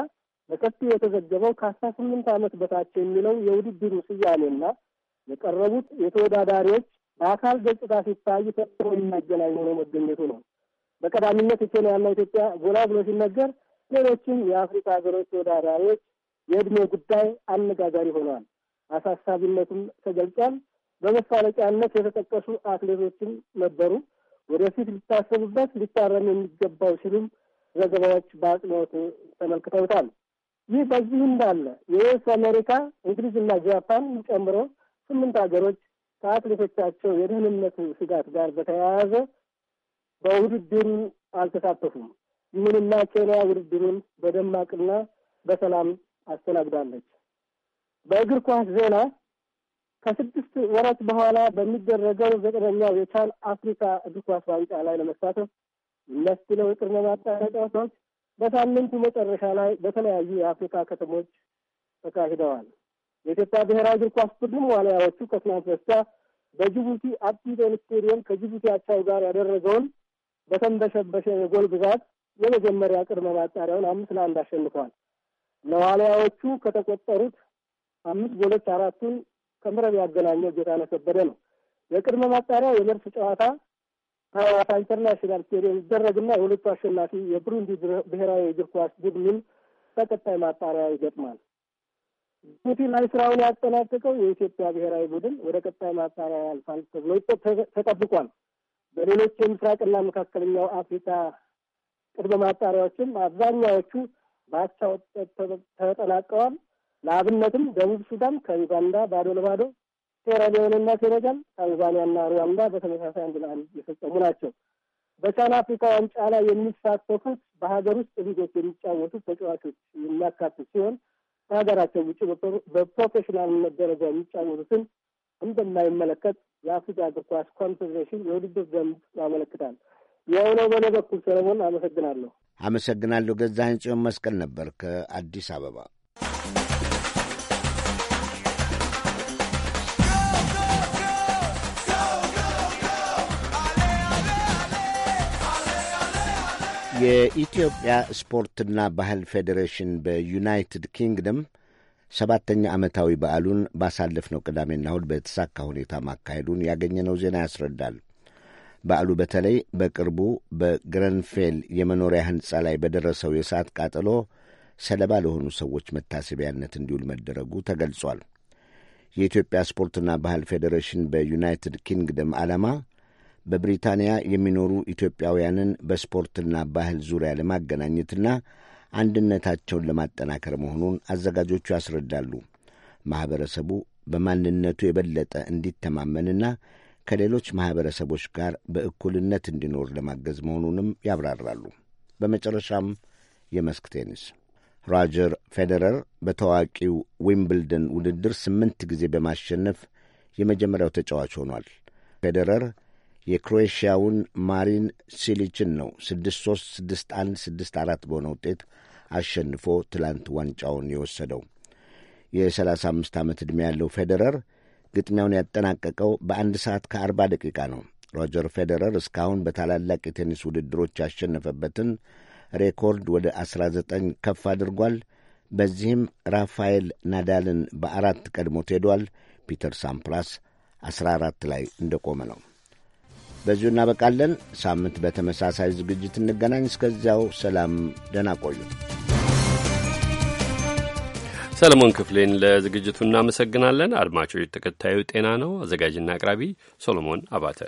በቀጥታ የተዘገበው ከአስራ ስምንት ዓመት በታች የሚለው የውድድሩ ስያሜና የቀረቡት የተወዳዳሪዎች በአካል ገጽታ ሲታይ ተጥሮ የሚያገናኝ ሆኖ መገኘቱ ነው። በቀዳሚነት ኬንያና ኢትዮጵያ ጎላ ብሎ ሲነገር፣ ሌሎችም የአፍሪካ ሀገሮች ተወዳዳሪዎች የእድሜ ጉዳይ አነጋጋሪ ሆኗል። አሳሳቢነቱም ተገልጿል። በመሳለቂያነት የተጠቀሱ አትሌቶችም ነበሩ። ወደፊት ሊታሰቡበት ሊታረም የሚገባው ሲሉም ዘገባዎች በአጽንኦት ተመልክተውታል። ይህ በዚህ እንዳለ የዩኤስ አሜሪካ እንግሊዝና ጃፓን ጨምሮ ስምንት ሀገሮች ከአትሌቶቻቸው የደህንነት ስጋት ጋር በተያያዘ በውድድሩ አልተሳተፉም። ይሁንና ኬንያ ውድድሩን በደማቅና በሰላም አስተናግዳለች። በእግር ኳስ ዜና ከስድስት ወራት በኋላ በሚደረገው ዘጠነኛው የቻን አፍሪካ እግር ኳስ ዋንጫ ላይ ለመሳተፍ የሚያስችለው የቅድመ ማጣሪያ ጨዋታዎች በሳምንቱ መጨረሻ ላይ በተለያዩ የአፍሪካ ከተሞች ተካሂደዋል። የኢትዮጵያ ብሔራዊ እግር ኳስ ቡድን ዋልያዎቹ ከትናንት በስቲያ በጅቡቲ አቢዶን ስቴዲየም ከጅቡቲ አቻው ጋር ያደረገውን በተንበሸበሸ የጎል ብዛት የመጀመሪያ ቅድመ ማጣሪያውን አምስት ለአንድ አሸንፏል። ለዋልያዎቹ ከተቆጠሩት አምስት ጎሎች አራቱን ከምረብ ያገናኘው ጌታነህ ከበደ ነው። የቅድመ ማጣሪያ የመልስ ጨዋታ ኢንተርናሽናል ፔሬ ይደረግና የሁለቱ አሸናፊ የብሩንዲ ብሔራዊ እግር ኳስ ቡድንን በቀጣይ ማጣሪያ ይገጥማል። ጅቡቲ ላይ ስራውን ያጠናቀቀው የኢትዮጵያ ብሔራዊ ቡድን ወደ ቀጣይ ማጣሪያ ያልፋል ተብሎ ተጠብቋል። በሌሎች የምስራቅና መካከለኛው አፍሪካ ቅድመ ማጣሪያዎችም አብዛኛዎቹ በአቻ ውጤት ተጠናቀዋል። ለአብነትም ደቡብ ሱዳን ከዩጋንዳ ባዶ ለባዶ ሴራሊዮንና ሴኔጋል፣ ታንዛኒያና ሩዋንዳ በተመሳሳይ አንድ ለአንድ የፈጸሙ ናቸው። በቻን አፍሪካ ዋንጫ ላይ የሚሳተፉት በሀገር ውስጥ ሊጎች የሚጫወቱት ተጫዋቾች የሚያካትት ሲሆን በሀገራቸው ውጭ በፕሮፌሽናልነት ደረጃ የሚጫወቱትን እንደማይመለከት የአፍሪካ እግር ኳስ ኮንፌዴሬሽን የውድድር ደንብ ያመለክታል። የሆነው በእኔ በኩል ሰለሞን፣ አመሰግናለሁ። አመሰግናለሁ። ገዛኸኝ ጽዮን መስቀል ነበር ከአዲስ አበባ። የኢትዮጵያ ስፖርትና ባህል ፌዴሬሽን በዩናይትድ ኪንግደም ሰባተኛ ዓመታዊ በዓሉን ባሳለፍነው ቅዳሜና እሁድ በተሳካ ሁኔታ ማካሄዱን ያገኘነው ዜና ያስረዳል። በዓሉ በተለይ በቅርቡ በግረንፌል የመኖሪያ ሕንፃ ላይ በደረሰው የእሳት ቃጠሎ ሰለባ ለሆኑ ሰዎች መታሰቢያነት እንዲውል መደረጉ ተገልጿል። የኢትዮጵያ ስፖርትና ባህል ፌዴሬሽን በዩናይትድ ኪንግደም ዓላማ በብሪታንያ የሚኖሩ ኢትዮጵያውያንን በስፖርትና ባህል ዙሪያ ለማገናኘትና አንድነታቸውን ለማጠናከር መሆኑን አዘጋጆቹ ያስረዳሉ። ማኅበረሰቡ በማንነቱ የበለጠ እንዲተማመንና ከሌሎች ማኅበረሰቦች ጋር በእኩልነት እንዲኖር ለማገዝ መሆኑንም ያብራራሉ። በመጨረሻም የመስክ ቴኒስ ሮጀር ፌዴረር በታዋቂው ዊምብልደን ውድድር ስምንት ጊዜ በማሸነፍ የመጀመሪያው ተጫዋች ሆኗል። ፌዴረር የክሮኤሽያውን ማሪን ሲሊችን ነው 63 61 64 በሆነ ውጤት አሸንፎ ትላንት ዋንጫውን የወሰደው። የ35 ዓመት ዕድሜ ያለው ፌዴረር ግጥሚያውን ያጠናቀቀው በአንድ ሰዓት ከ40 ደቂቃ ነው። ሮጀር ፌዴረር እስካሁን በታላላቅ የቴኒስ ውድድሮች ያሸነፈበትን ሬኮርድ ወደ 19 ከፍ አድርጓል። በዚህም ራፋኤል ናዳልን በአራት ቀድሞ ሄዷል። ፒተር ሳምፕራስ 14 ላይ እንደቆመ ነው። በዚሁ እናበቃለን። ሳምንት በተመሳሳይ ዝግጅት እንገናኝ። እስከዚያው ሰላም፣ ደህና ቆዩ። ሰለሞን ክፍሌን ለዝግጅቱ እናመሰግናለን። አድማጮች፣ ተከታዩ ጤና ነው። አዘጋጅና አቅራቢ ሰሎሞን አባተ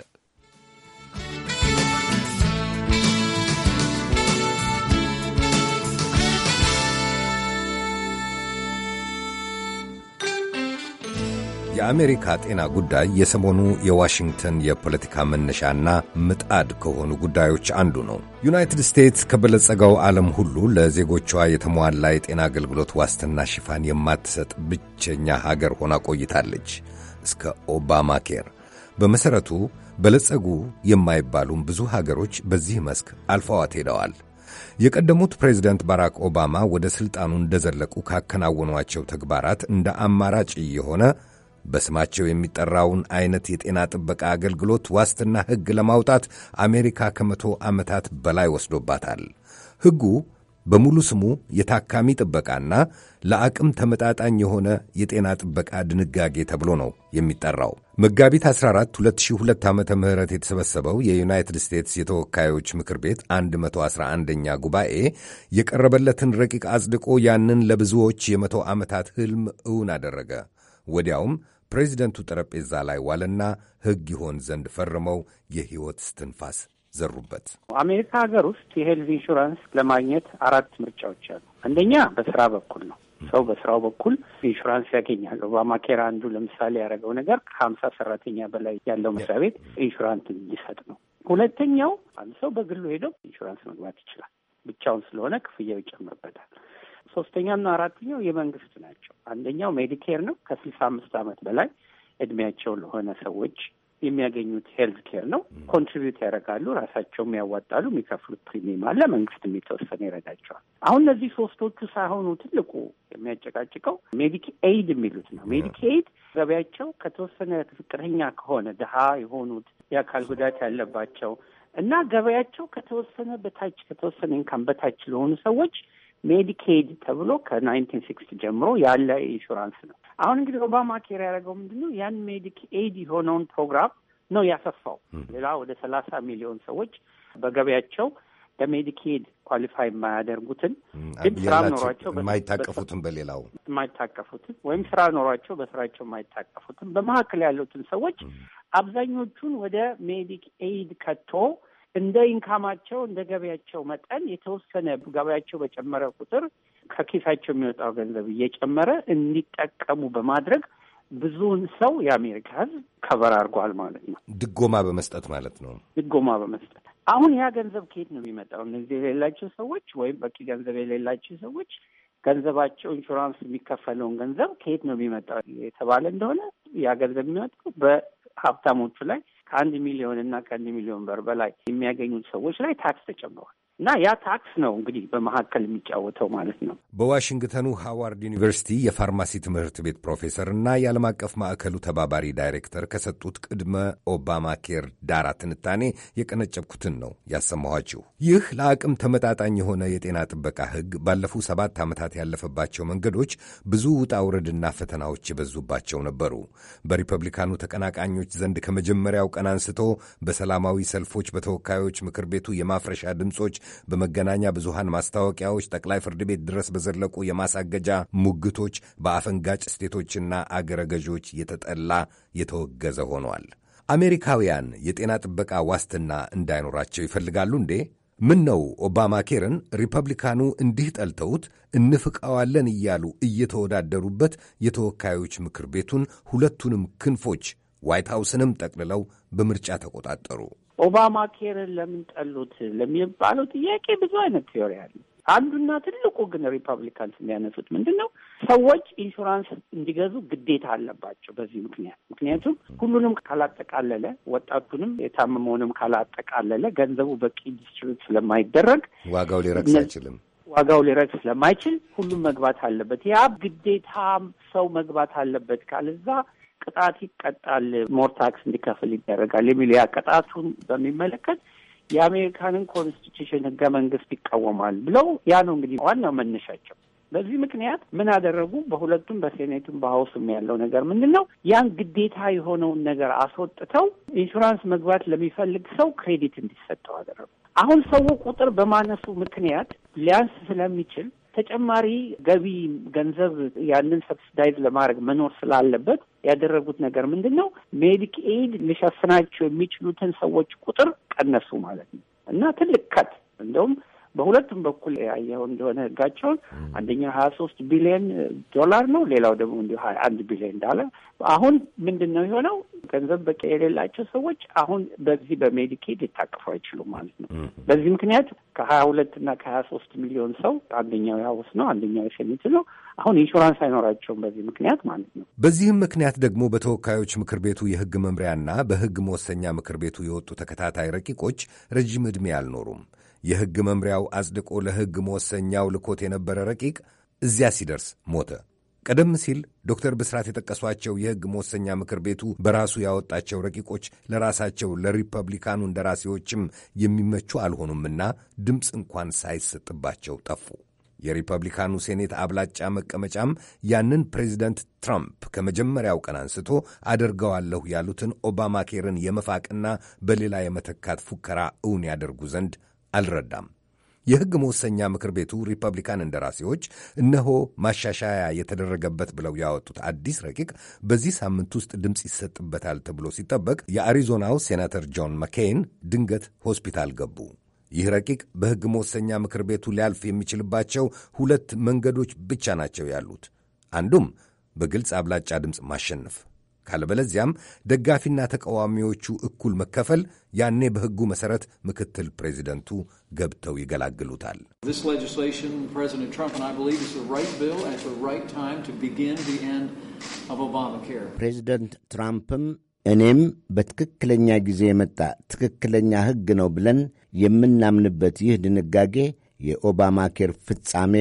የአሜሪካ ጤና ጉዳይ የሰሞኑ የዋሽንግተን የፖለቲካ መነሻና ምጣድ ከሆኑ ጉዳዮች አንዱ ነው። ዩናይትድ ስቴትስ ከበለጸገው ዓለም ሁሉ ለዜጎቿ የተሟላ የጤና አገልግሎት ዋስትና ሽፋን የማትሰጥ ብቸኛ ሀገር ሆና ቆይታለች እስከ ኦባማ ኬር። በመሠረቱ በለጸጉ የማይባሉም ብዙ ሀገሮች በዚህ መስክ አልፈዋት ሄደዋል። የቀደሙት ፕሬዚደንት ባራክ ኦባማ ወደ ሥልጣኑ እንደዘለቁ ካከናወኗቸው ተግባራት እንደ አማራጭ የሆነ በስማቸው የሚጠራውን አይነት የጤና ጥበቃ አገልግሎት ዋስትና ሕግ ለማውጣት አሜሪካ ከመቶ ዓመታት በላይ ወስዶባታል። ሕጉ በሙሉ ስሙ የታካሚ ጥበቃና ለአቅም ተመጣጣኝ የሆነ የጤና ጥበቃ ድንጋጌ ተብሎ ነው የሚጠራው። መጋቢት 14 2002 ዓ ም የተሰበሰበው የዩናይትድ ስቴትስ የተወካዮች ምክር ቤት 111ኛ ጉባኤ የቀረበለትን ረቂቅ አጽድቆ ያንን ለብዙዎች የመቶ ዓመታት ሕልም እውን አደረገ። ወዲያውም ፕሬዚደንቱ ጠረጴዛ ላይ ዋለና ሕግ ይሆን ዘንድ ፈርመው የሕይወት ስትንፋስ ዘሩበት። አሜሪካ ሀገር ውስጥ የሄልዝ ኢንሹራንስ ለማግኘት አራት ምርጫዎች አሉ። አንደኛ በስራ በኩል ነው። ሰው በስራው በኩል ኢንሹራንስ ያገኛል። ኦባማ ኬር አንዱ ለምሳሌ ያደረገው ነገር ከሀምሳ ሰራተኛ በላይ ያለው መስሪያ ቤት ኢንሹራንስ እንዲሰጥ ነው። ሁለተኛው አንድ ሰው በግሉ ሄደው ኢንሹራንስ መግባት ይችላል። ብቻውን ስለሆነ ክፍያው ይጨምርበታል። ሶስተኛና አራተኛው የመንግስት ናቸው። አንደኛው ሜዲኬር ነው። ከስልሳ አምስት ዓመት በላይ እድሜያቸው ለሆነ ሰዎች የሚያገኙት ሄልት ኬር ነው። ኮንትሪቢዩት ያደርጋሉ፣ ራሳቸውም ያዋጣሉ። የሚከፍሉት ፕሪሚየም አለ፣ መንግስት የሚተወሰነ ይረዳቸዋል። አሁን እነዚህ ሶስቶቹ ሳይሆኑ ትልቁ የሚያጨቃጭቀው ሜዲክ ኤይድ የሚሉት ነው። ሜዲክ ኤይድ ገበያቸው ከተወሰነ ፍቅረኛ ከሆነ ድሀ የሆኑት የአካል ጉዳት ያለባቸው እና ገበያቸው ከተወሰነ በታች ከተወሰነ ኢንካም በታች ለሆኑ ሰዎች ሜዲኬድ ተብሎ ከናይንቲን ሲክስቲ ጀምሮ ያለ ኢንሹራንስ ነው። አሁን እንግዲህ ኦባማ ኬር ያደረገው ምንድን ነው? ያን ሜዲኬድ የሆነውን ፕሮግራም ነው ያሰፋው። ሌላ ወደ ሰላሳ ሚሊዮን ሰዎች በገበያቸው ለሜዲኬድ ኳሊፋይ የማያደርጉትን ግን ስራ ኖሯቸው የማይታቀፉትን በሌላው የማይታቀፉትን ወይም ስራ ኖሯቸው በስራቸው የማይታቀፉትን በመካከል ያሉትን ሰዎች አብዛኞቹን ወደ ሜዲክ ኤድ ከቶ እንደ ኢንካማቸው እንደ ገቢያቸው መጠን የተወሰነ ገበያቸው በጨመረ ቁጥር ከኪሳቸው የሚወጣው ገንዘብ እየጨመረ እንዲጠቀሙ በማድረግ ብዙውን ሰው የአሜሪካ ሕዝብ ከበር አድርጓል ማለት ነው። ድጎማ በመስጠት ማለት ነው። ድጎማ በመስጠት አሁን ያ ገንዘብ ከየት ነው የሚመጣው? እነዚህ የሌላቸው ሰዎች ወይም በቂ ገንዘብ የሌላቸው ሰዎች ገንዘባቸው ኢንሹራንስ የሚከፈለውን ገንዘብ ከየት ነው የሚመጣው የተባለ እንደሆነ ያ ገንዘብ የሚመጣው በሀብታሞቹ ላይ ከአንድ ሚሊዮን እና ከአንድ ሚሊዮን ብር በላይ የሚያገኙት ሰዎች ላይ ታክስ ተጨምሯል። እና ያ ታክስ ነው እንግዲህ በመካከል የሚጫወተው ማለት ነው። በዋሽንግተኑ ሃዋርድ ዩኒቨርሲቲ የፋርማሲ ትምህርት ቤት ፕሮፌሰር እና የዓለም አቀፍ ማዕከሉ ተባባሪ ዳይሬክተር ከሰጡት ቅድመ ኦባማ ኬር ዳራ ትንታኔ የቀነጨብኩትን ነው ያሰማኋችሁ። ይህ ለአቅም ተመጣጣኝ የሆነ የጤና ጥበቃ ህግ ባለፉ ሰባት ዓመታት ያለፈባቸው መንገዶች ብዙ ውጣ ውረድና ፈተናዎች የበዙባቸው ነበሩ። በሪፐብሊካኑ ተቀናቃኞች ዘንድ ከመጀመሪያው ቀን አንስቶ በሰላማዊ ሰልፎች፣ በተወካዮች ምክር ቤቱ የማፍረሻ ድምፆች በመገናኛ ብዙሃን ማስታወቂያዎች ጠቅላይ ፍርድ ቤት ድረስ በዘለቁ የማሳገጃ ሙግቶች በአፈንጋጭ ስቴቶችና አገረ ገዦች የተጠላ የተወገዘ ሆኗል። አሜሪካውያን የጤና ጥበቃ ዋስትና እንዳይኖራቸው ይፈልጋሉ እንዴ? ምን ነው ኦባማ ኬርን ሪፐብሊካኑ እንዲህ ጠልተውት እንፍቀዋለን እያሉ እየተወዳደሩበት የተወካዮች ምክር ቤቱን ሁለቱንም ክንፎች ዋይት ሃውስንም ጠቅልለው በምርጫ ተቆጣጠሩ። ኦባማ ኬርን ለምን ጠሉት ለሚባለው ጥያቄ ብዙ አይነት ቲዮሪ አለ። አንዱና ትልቁ ግን ሪፐብሊካንስ የሚያነሱት ምንድን ነው? ሰዎች ኢንሹራንስ እንዲገዙ ግዴታ አለባቸው በዚህ ምክንያት። ምክንያቱም ሁሉንም ካላጠቃለለ፣ ወጣቱንም የታመመውንም ካላጠቃለለ ገንዘቡ በቂ ዲስትሪት ስለማይደረግ ዋጋው ሊረክስ አይችልም። ዋጋው ሊረግ ስለማይችል ሁሉም መግባት አለበት። ያ ግዴታ ሰው መግባት አለበት። ካለዛ ቅጣት ይቀጣል፣ ሞር ታክስ እንዲከፍል ይደረጋል የሚሉ ያ ቅጣቱን በሚመለከት የአሜሪካንን ኮንስቲቱሽን ህገ መንግስት ይቃወማል ብለው ያ ነው እንግዲህ ዋናው መነሻቸው። በዚህ ምክንያት ምን አደረጉ? በሁለቱም በሴኔቱም በሀውስም ያለው ነገር ምንድን ነው? ያን ግዴታ የሆነውን ነገር አስወጥተው ኢንሹራንስ መግባት ለሚፈልግ ሰው ክሬዲት እንዲሰጠው አደረጉ። አሁን ሰው ቁጥር በማነሱ ምክንያት ሊያንስ ስለሚችል ተጨማሪ ገቢ ገንዘብ ያንን ሰብስዳይዝ ለማድረግ መኖር ስላለበት ያደረጉት ነገር ምንድን ነው? ሜዲክ ኤድ ሊሸፍናቸው የሚችሉትን ሰዎች ቁጥር ቀነሱ ማለት ነው እና ትልቅ ከት እንደውም በሁለቱም በኩል ያየው እንደሆነ ህጋቸውን አንደኛው ሀያ ሶስት ቢሊዮን ዶላር ነው፣ ሌላው ደግሞ እንዲሁ ሀያ አንድ ቢሊዮን እንዳለ አሁን ምንድን ነው የሆነው? ገንዘብ በቂ የሌላቸው ሰዎች አሁን በዚህ በሜዲኬድ ሊታቀፉ አይችሉም ማለት ነው። በዚህ ምክንያት ከሀያ ሁለት እና ከሀያ ሶስት ሚሊዮን ሰው አንደኛው የሀውስ ነው፣ አንደኛው የሴኔት ነው። አሁን ኢንሹራንስ አይኖራቸውም በዚህ ምክንያት ማለት ነው። በዚህም ምክንያት ደግሞ በተወካዮች ምክር ቤቱ የህግ መምሪያና በህግ መወሰኛ ምክር ቤቱ የወጡ ተከታታይ ረቂቆች ረጅም ዕድሜ አልኖሩም። የሕግ መምሪያው አጽድቆ ለሕግ መወሰኛው ልኮት የነበረ ረቂቅ እዚያ ሲደርስ ሞተ። ቀደም ሲል ዶክተር ብስራት የጠቀሷቸው የሕግ መወሰኛ ምክር ቤቱ በራሱ ያወጣቸው ረቂቆች ለራሳቸው ለሪፐብሊካኑ እንደራሴዎችም የሚመቹ አልሆኑምና ድምፅ እንኳን ሳይሰጥባቸው ጠፉ። የሪፐብሊካኑ ሴኔት አብላጫ መቀመጫም ያንን ፕሬዚደንት ትራምፕ ከመጀመሪያው ቀን አንስቶ አደርገዋለሁ ያሉትን ኦባማ ኬርን የመፋቅና በሌላ የመተካት ፉከራ እውን ያደርጉ ዘንድ አልረዳም። የሕግ መወሰኛ ምክር ቤቱ ሪፐብሊካን እንደራሴዎች እነሆ ማሻሻያ የተደረገበት ብለው ያወጡት አዲስ ረቂቅ በዚህ ሳምንት ውስጥ ድምፅ ይሰጥበታል ተብሎ ሲጠበቅ የአሪዞናው ሴናተር ጆን መኬይን ድንገት ሆስፒታል ገቡ። ይህ ረቂቅ በሕግ መወሰኛ ምክር ቤቱ ሊያልፍ የሚችልባቸው ሁለት መንገዶች ብቻ ናቸው ያሉት። አንዱም በግልጽ አብላጫ ድምፅ ማሸነፍ ካለበለዚያም ደጋፊና ተቃዋሚዎቹ እኩል መከፈል፣ ያኔ በሕጉ መሠረት ምክትል ፕሬዚደንቱ ገብተው ይገላግሉታል። ፕሬዚደንት ትራምፕም እኔም በትክክለኛ ጊዜ የመጣ ትክክለኛ ሕግ ነው ብለን የምናምንበት ይህ ድንጋጌ የኦባማ ኬር ፍጻሜ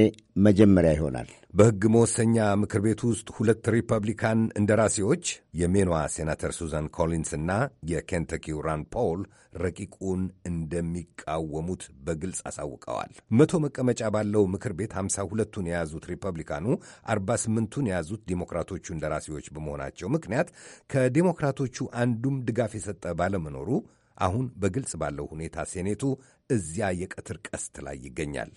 መጀመሪያ ይሆናል። በሕግ መወሰኛ ምክር ቤት ውስጥ ሁለት ሪፐብሊካን እንደራሴዎች የሜኗ ሴናተር ሱዛን ኮሊንስ እና የኬንተኪው ራን ፖል ረቂቁን እንደሚቃወሙት በግልጽ አሳውቀዋል። መቶ መቀመጫ ባለው ምክር ቤት ሃምሳ ሁለቱን የያዙት ሪፐብሊካኑ አርባ ስምንቱን የያዙት ዴሞክራቶቹ እንደራሴዎች በመሆናቸው ምክንያት ከዴሞክራቶቹ አንዱም ድጋፍ የሰጠ ባለመኖሩ አሁን በግልጽ ባለው ሁኔታ ሴኔቱ እዚያ የቀትር ቀስት ላይ ይገኛል።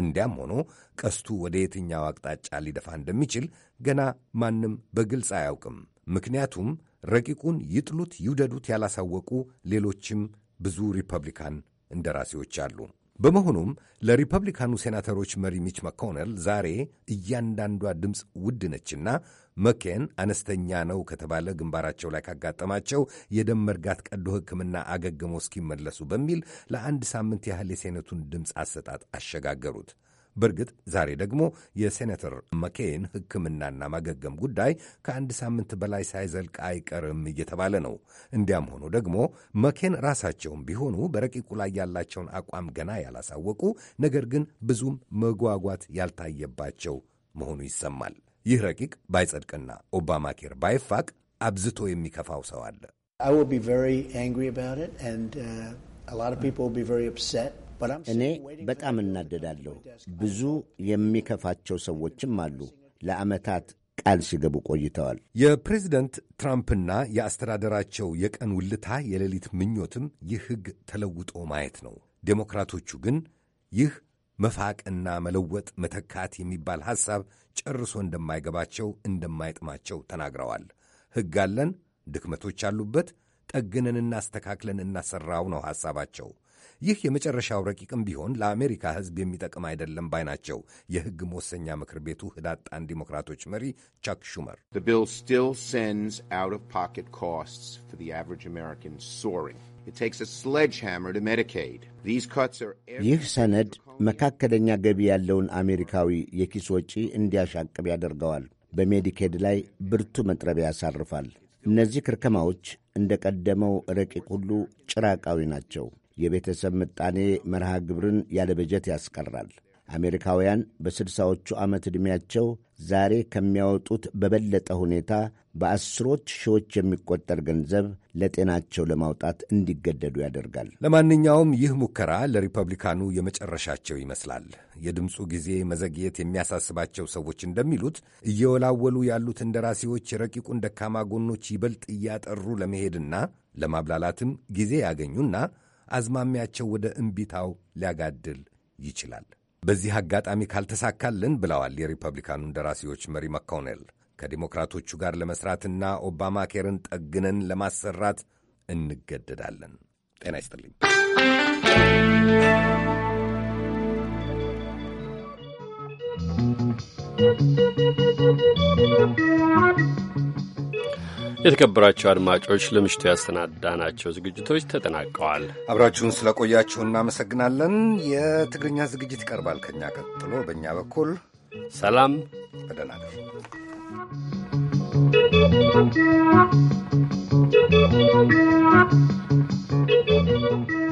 እንዲያም ሆኖ ቀስቱ ወደ የትኛው አቅጣጫ ሊደፋ እንደሚችል ገና ማንም በግልጽ አያውቅም። ምክንያቱም ረቂቁን ይጥሉት ይውደዱት ያላሳወቁ ሌሎችም ብዙ ሪፐብሊካን እንደራሴዎች አሉ። በመሆኑም ለሪፐብሊካኑ ሴናተሮች መሪ ሚች መኮነል ዛሬ እያንዳንዷ ድምፅ ውድ ነችና መኬን አነስተኛ ነው ከተባለ ግንባራቸው ላይ ካጋጠማቸው የደም መርጋት ቀዶ ሕክምና አገግሞ እስኪመለሱ በሚል ለአንድ ሳምንት ያህል የሴኔቱን ድምፅ አሰጣጥ አሸጋገሩት። በእርግጥ ዛሬ ደግሞ የሴኔተር መኬን ሕክምናና ማገገም ጉዳይ ከአንድ ሳምንት በላይ ሳይዘልቅ አይቀርም እየተባለ ነው። እንዲያም ሆኖ ደግሞ መኬን ራሳቸውም ቢሆኑ በረቂቁ ላይ ያላቸውን አቋም ገና ያላሳወቁ ነገር ግን ብዙም መጓጓት ያልታየባቸው መሆኑ ይሰማል። ይህ ረቂቅ ባይጸድቅና ኦባማ ኬር ባይፋቅ አብዝቶ የሚከፋው ሰው አለ። uh, እኔ በጣም እናደዳለሁ። ብዙ የሚከፋቸው ሰዎችም አሉ። ለዓመታት ቃል ሲገቡ ቆይተዋል። የፕሬዝደንት ትራምፕና የአስተዳደራቸው የቀን ውልታ የሌሊት ምኞትም ይህ ሕግ ተለውጦ ማየት ነው። ዴሞክራቶቹ ግን ይህ መፋቅና መለወጥ መተካት የሚባል ሐሳብ ጨርሶ እንደማይገባቸው እንደማይጥማቸው ተናግረዋል። ሕግ አለን፣ ድክመቶች አሉበት፣ ጠግነን እናስተካክለን እናሰራው ነው ሐሳባቸው። ይህ የመጨረሻው ረቂቅም ቢሆን ለአሜሪካ ሕዝብ የሚጠቅም አይደለም ባይ ናቸው። የሕግ መወሰኛ ምክር ቤቱ ህዳጣን ዲሞክራቶች መሪ ቻክ ሹመር ይህ ሰነድ መካከለኛ ገቢ ያለውን አሜሪካዊ የኪስ ወጪ እንዲያሻቅብ ያደርገዋል። በሜዲኬድ ላይ ብርቱ መጥረቢያ ያሳርፋል። እነዚህ ክርከማዎች እንደ ቀደመው ረቂቅ ሁሉ ጭራቃዊ ናቸው። የቤተሰብ ምጣኔ መርሃ ግብርን ያለ በጀት ያስቀራል። አሜሪካውያን በስድሳዎቹ ዓመት ዕድሜያቸው ዛሬ ከሚያወጡት በበለጠ ሁኔታ በአስሮች ሺዎች የሚቆጠር ገንዘብ ለጤናቸው ለማውጣት እንዲገደዱ ያደርጋል። ለማንኛውም ይህ ሙከራ ለሪፐብሊካኑ የመጨረሻቸው ይመስላል። የድምፁ ጊዜ መዘግየት የሚያሳስባቸው ሰዎች እንደሚሉት እየወላወሉ ያሉት እንደራሴዎች ረቂቁን ደካማ ጎኖች ይበልጥ እያጠሩ ለመሄድና ለማብላላትም ጊዜ ያገኙና አዝማሚያቸው ወደ እምቢታው ሊያጋድል ይችላል። በዚህ አጋጣሚ ካልተሳካልን ብለዋል የሪፐብሊካኑ ደራሲዎች መሪ መኮኔል ከዲሞክራቶቹ ጋር ለመስራትና ኦባማ ኬርን ጠግነን ለማሰራት እንገደዳለን። ጤና ይስጥልኝ። ¶¶ የተከበራቸው አድማጮች ለምሽቱ ያሰናዳናቸው ዝግጅቶች ተጠናቀዋል። አብራችሁን ስለቆያችሁ እናመሰግናለን። የትግርኛ ዝግጅት ይቀርባል ከኛ ቀጥሎ። በእኛ በኩል ሰላም፣ በደህና እደሩ።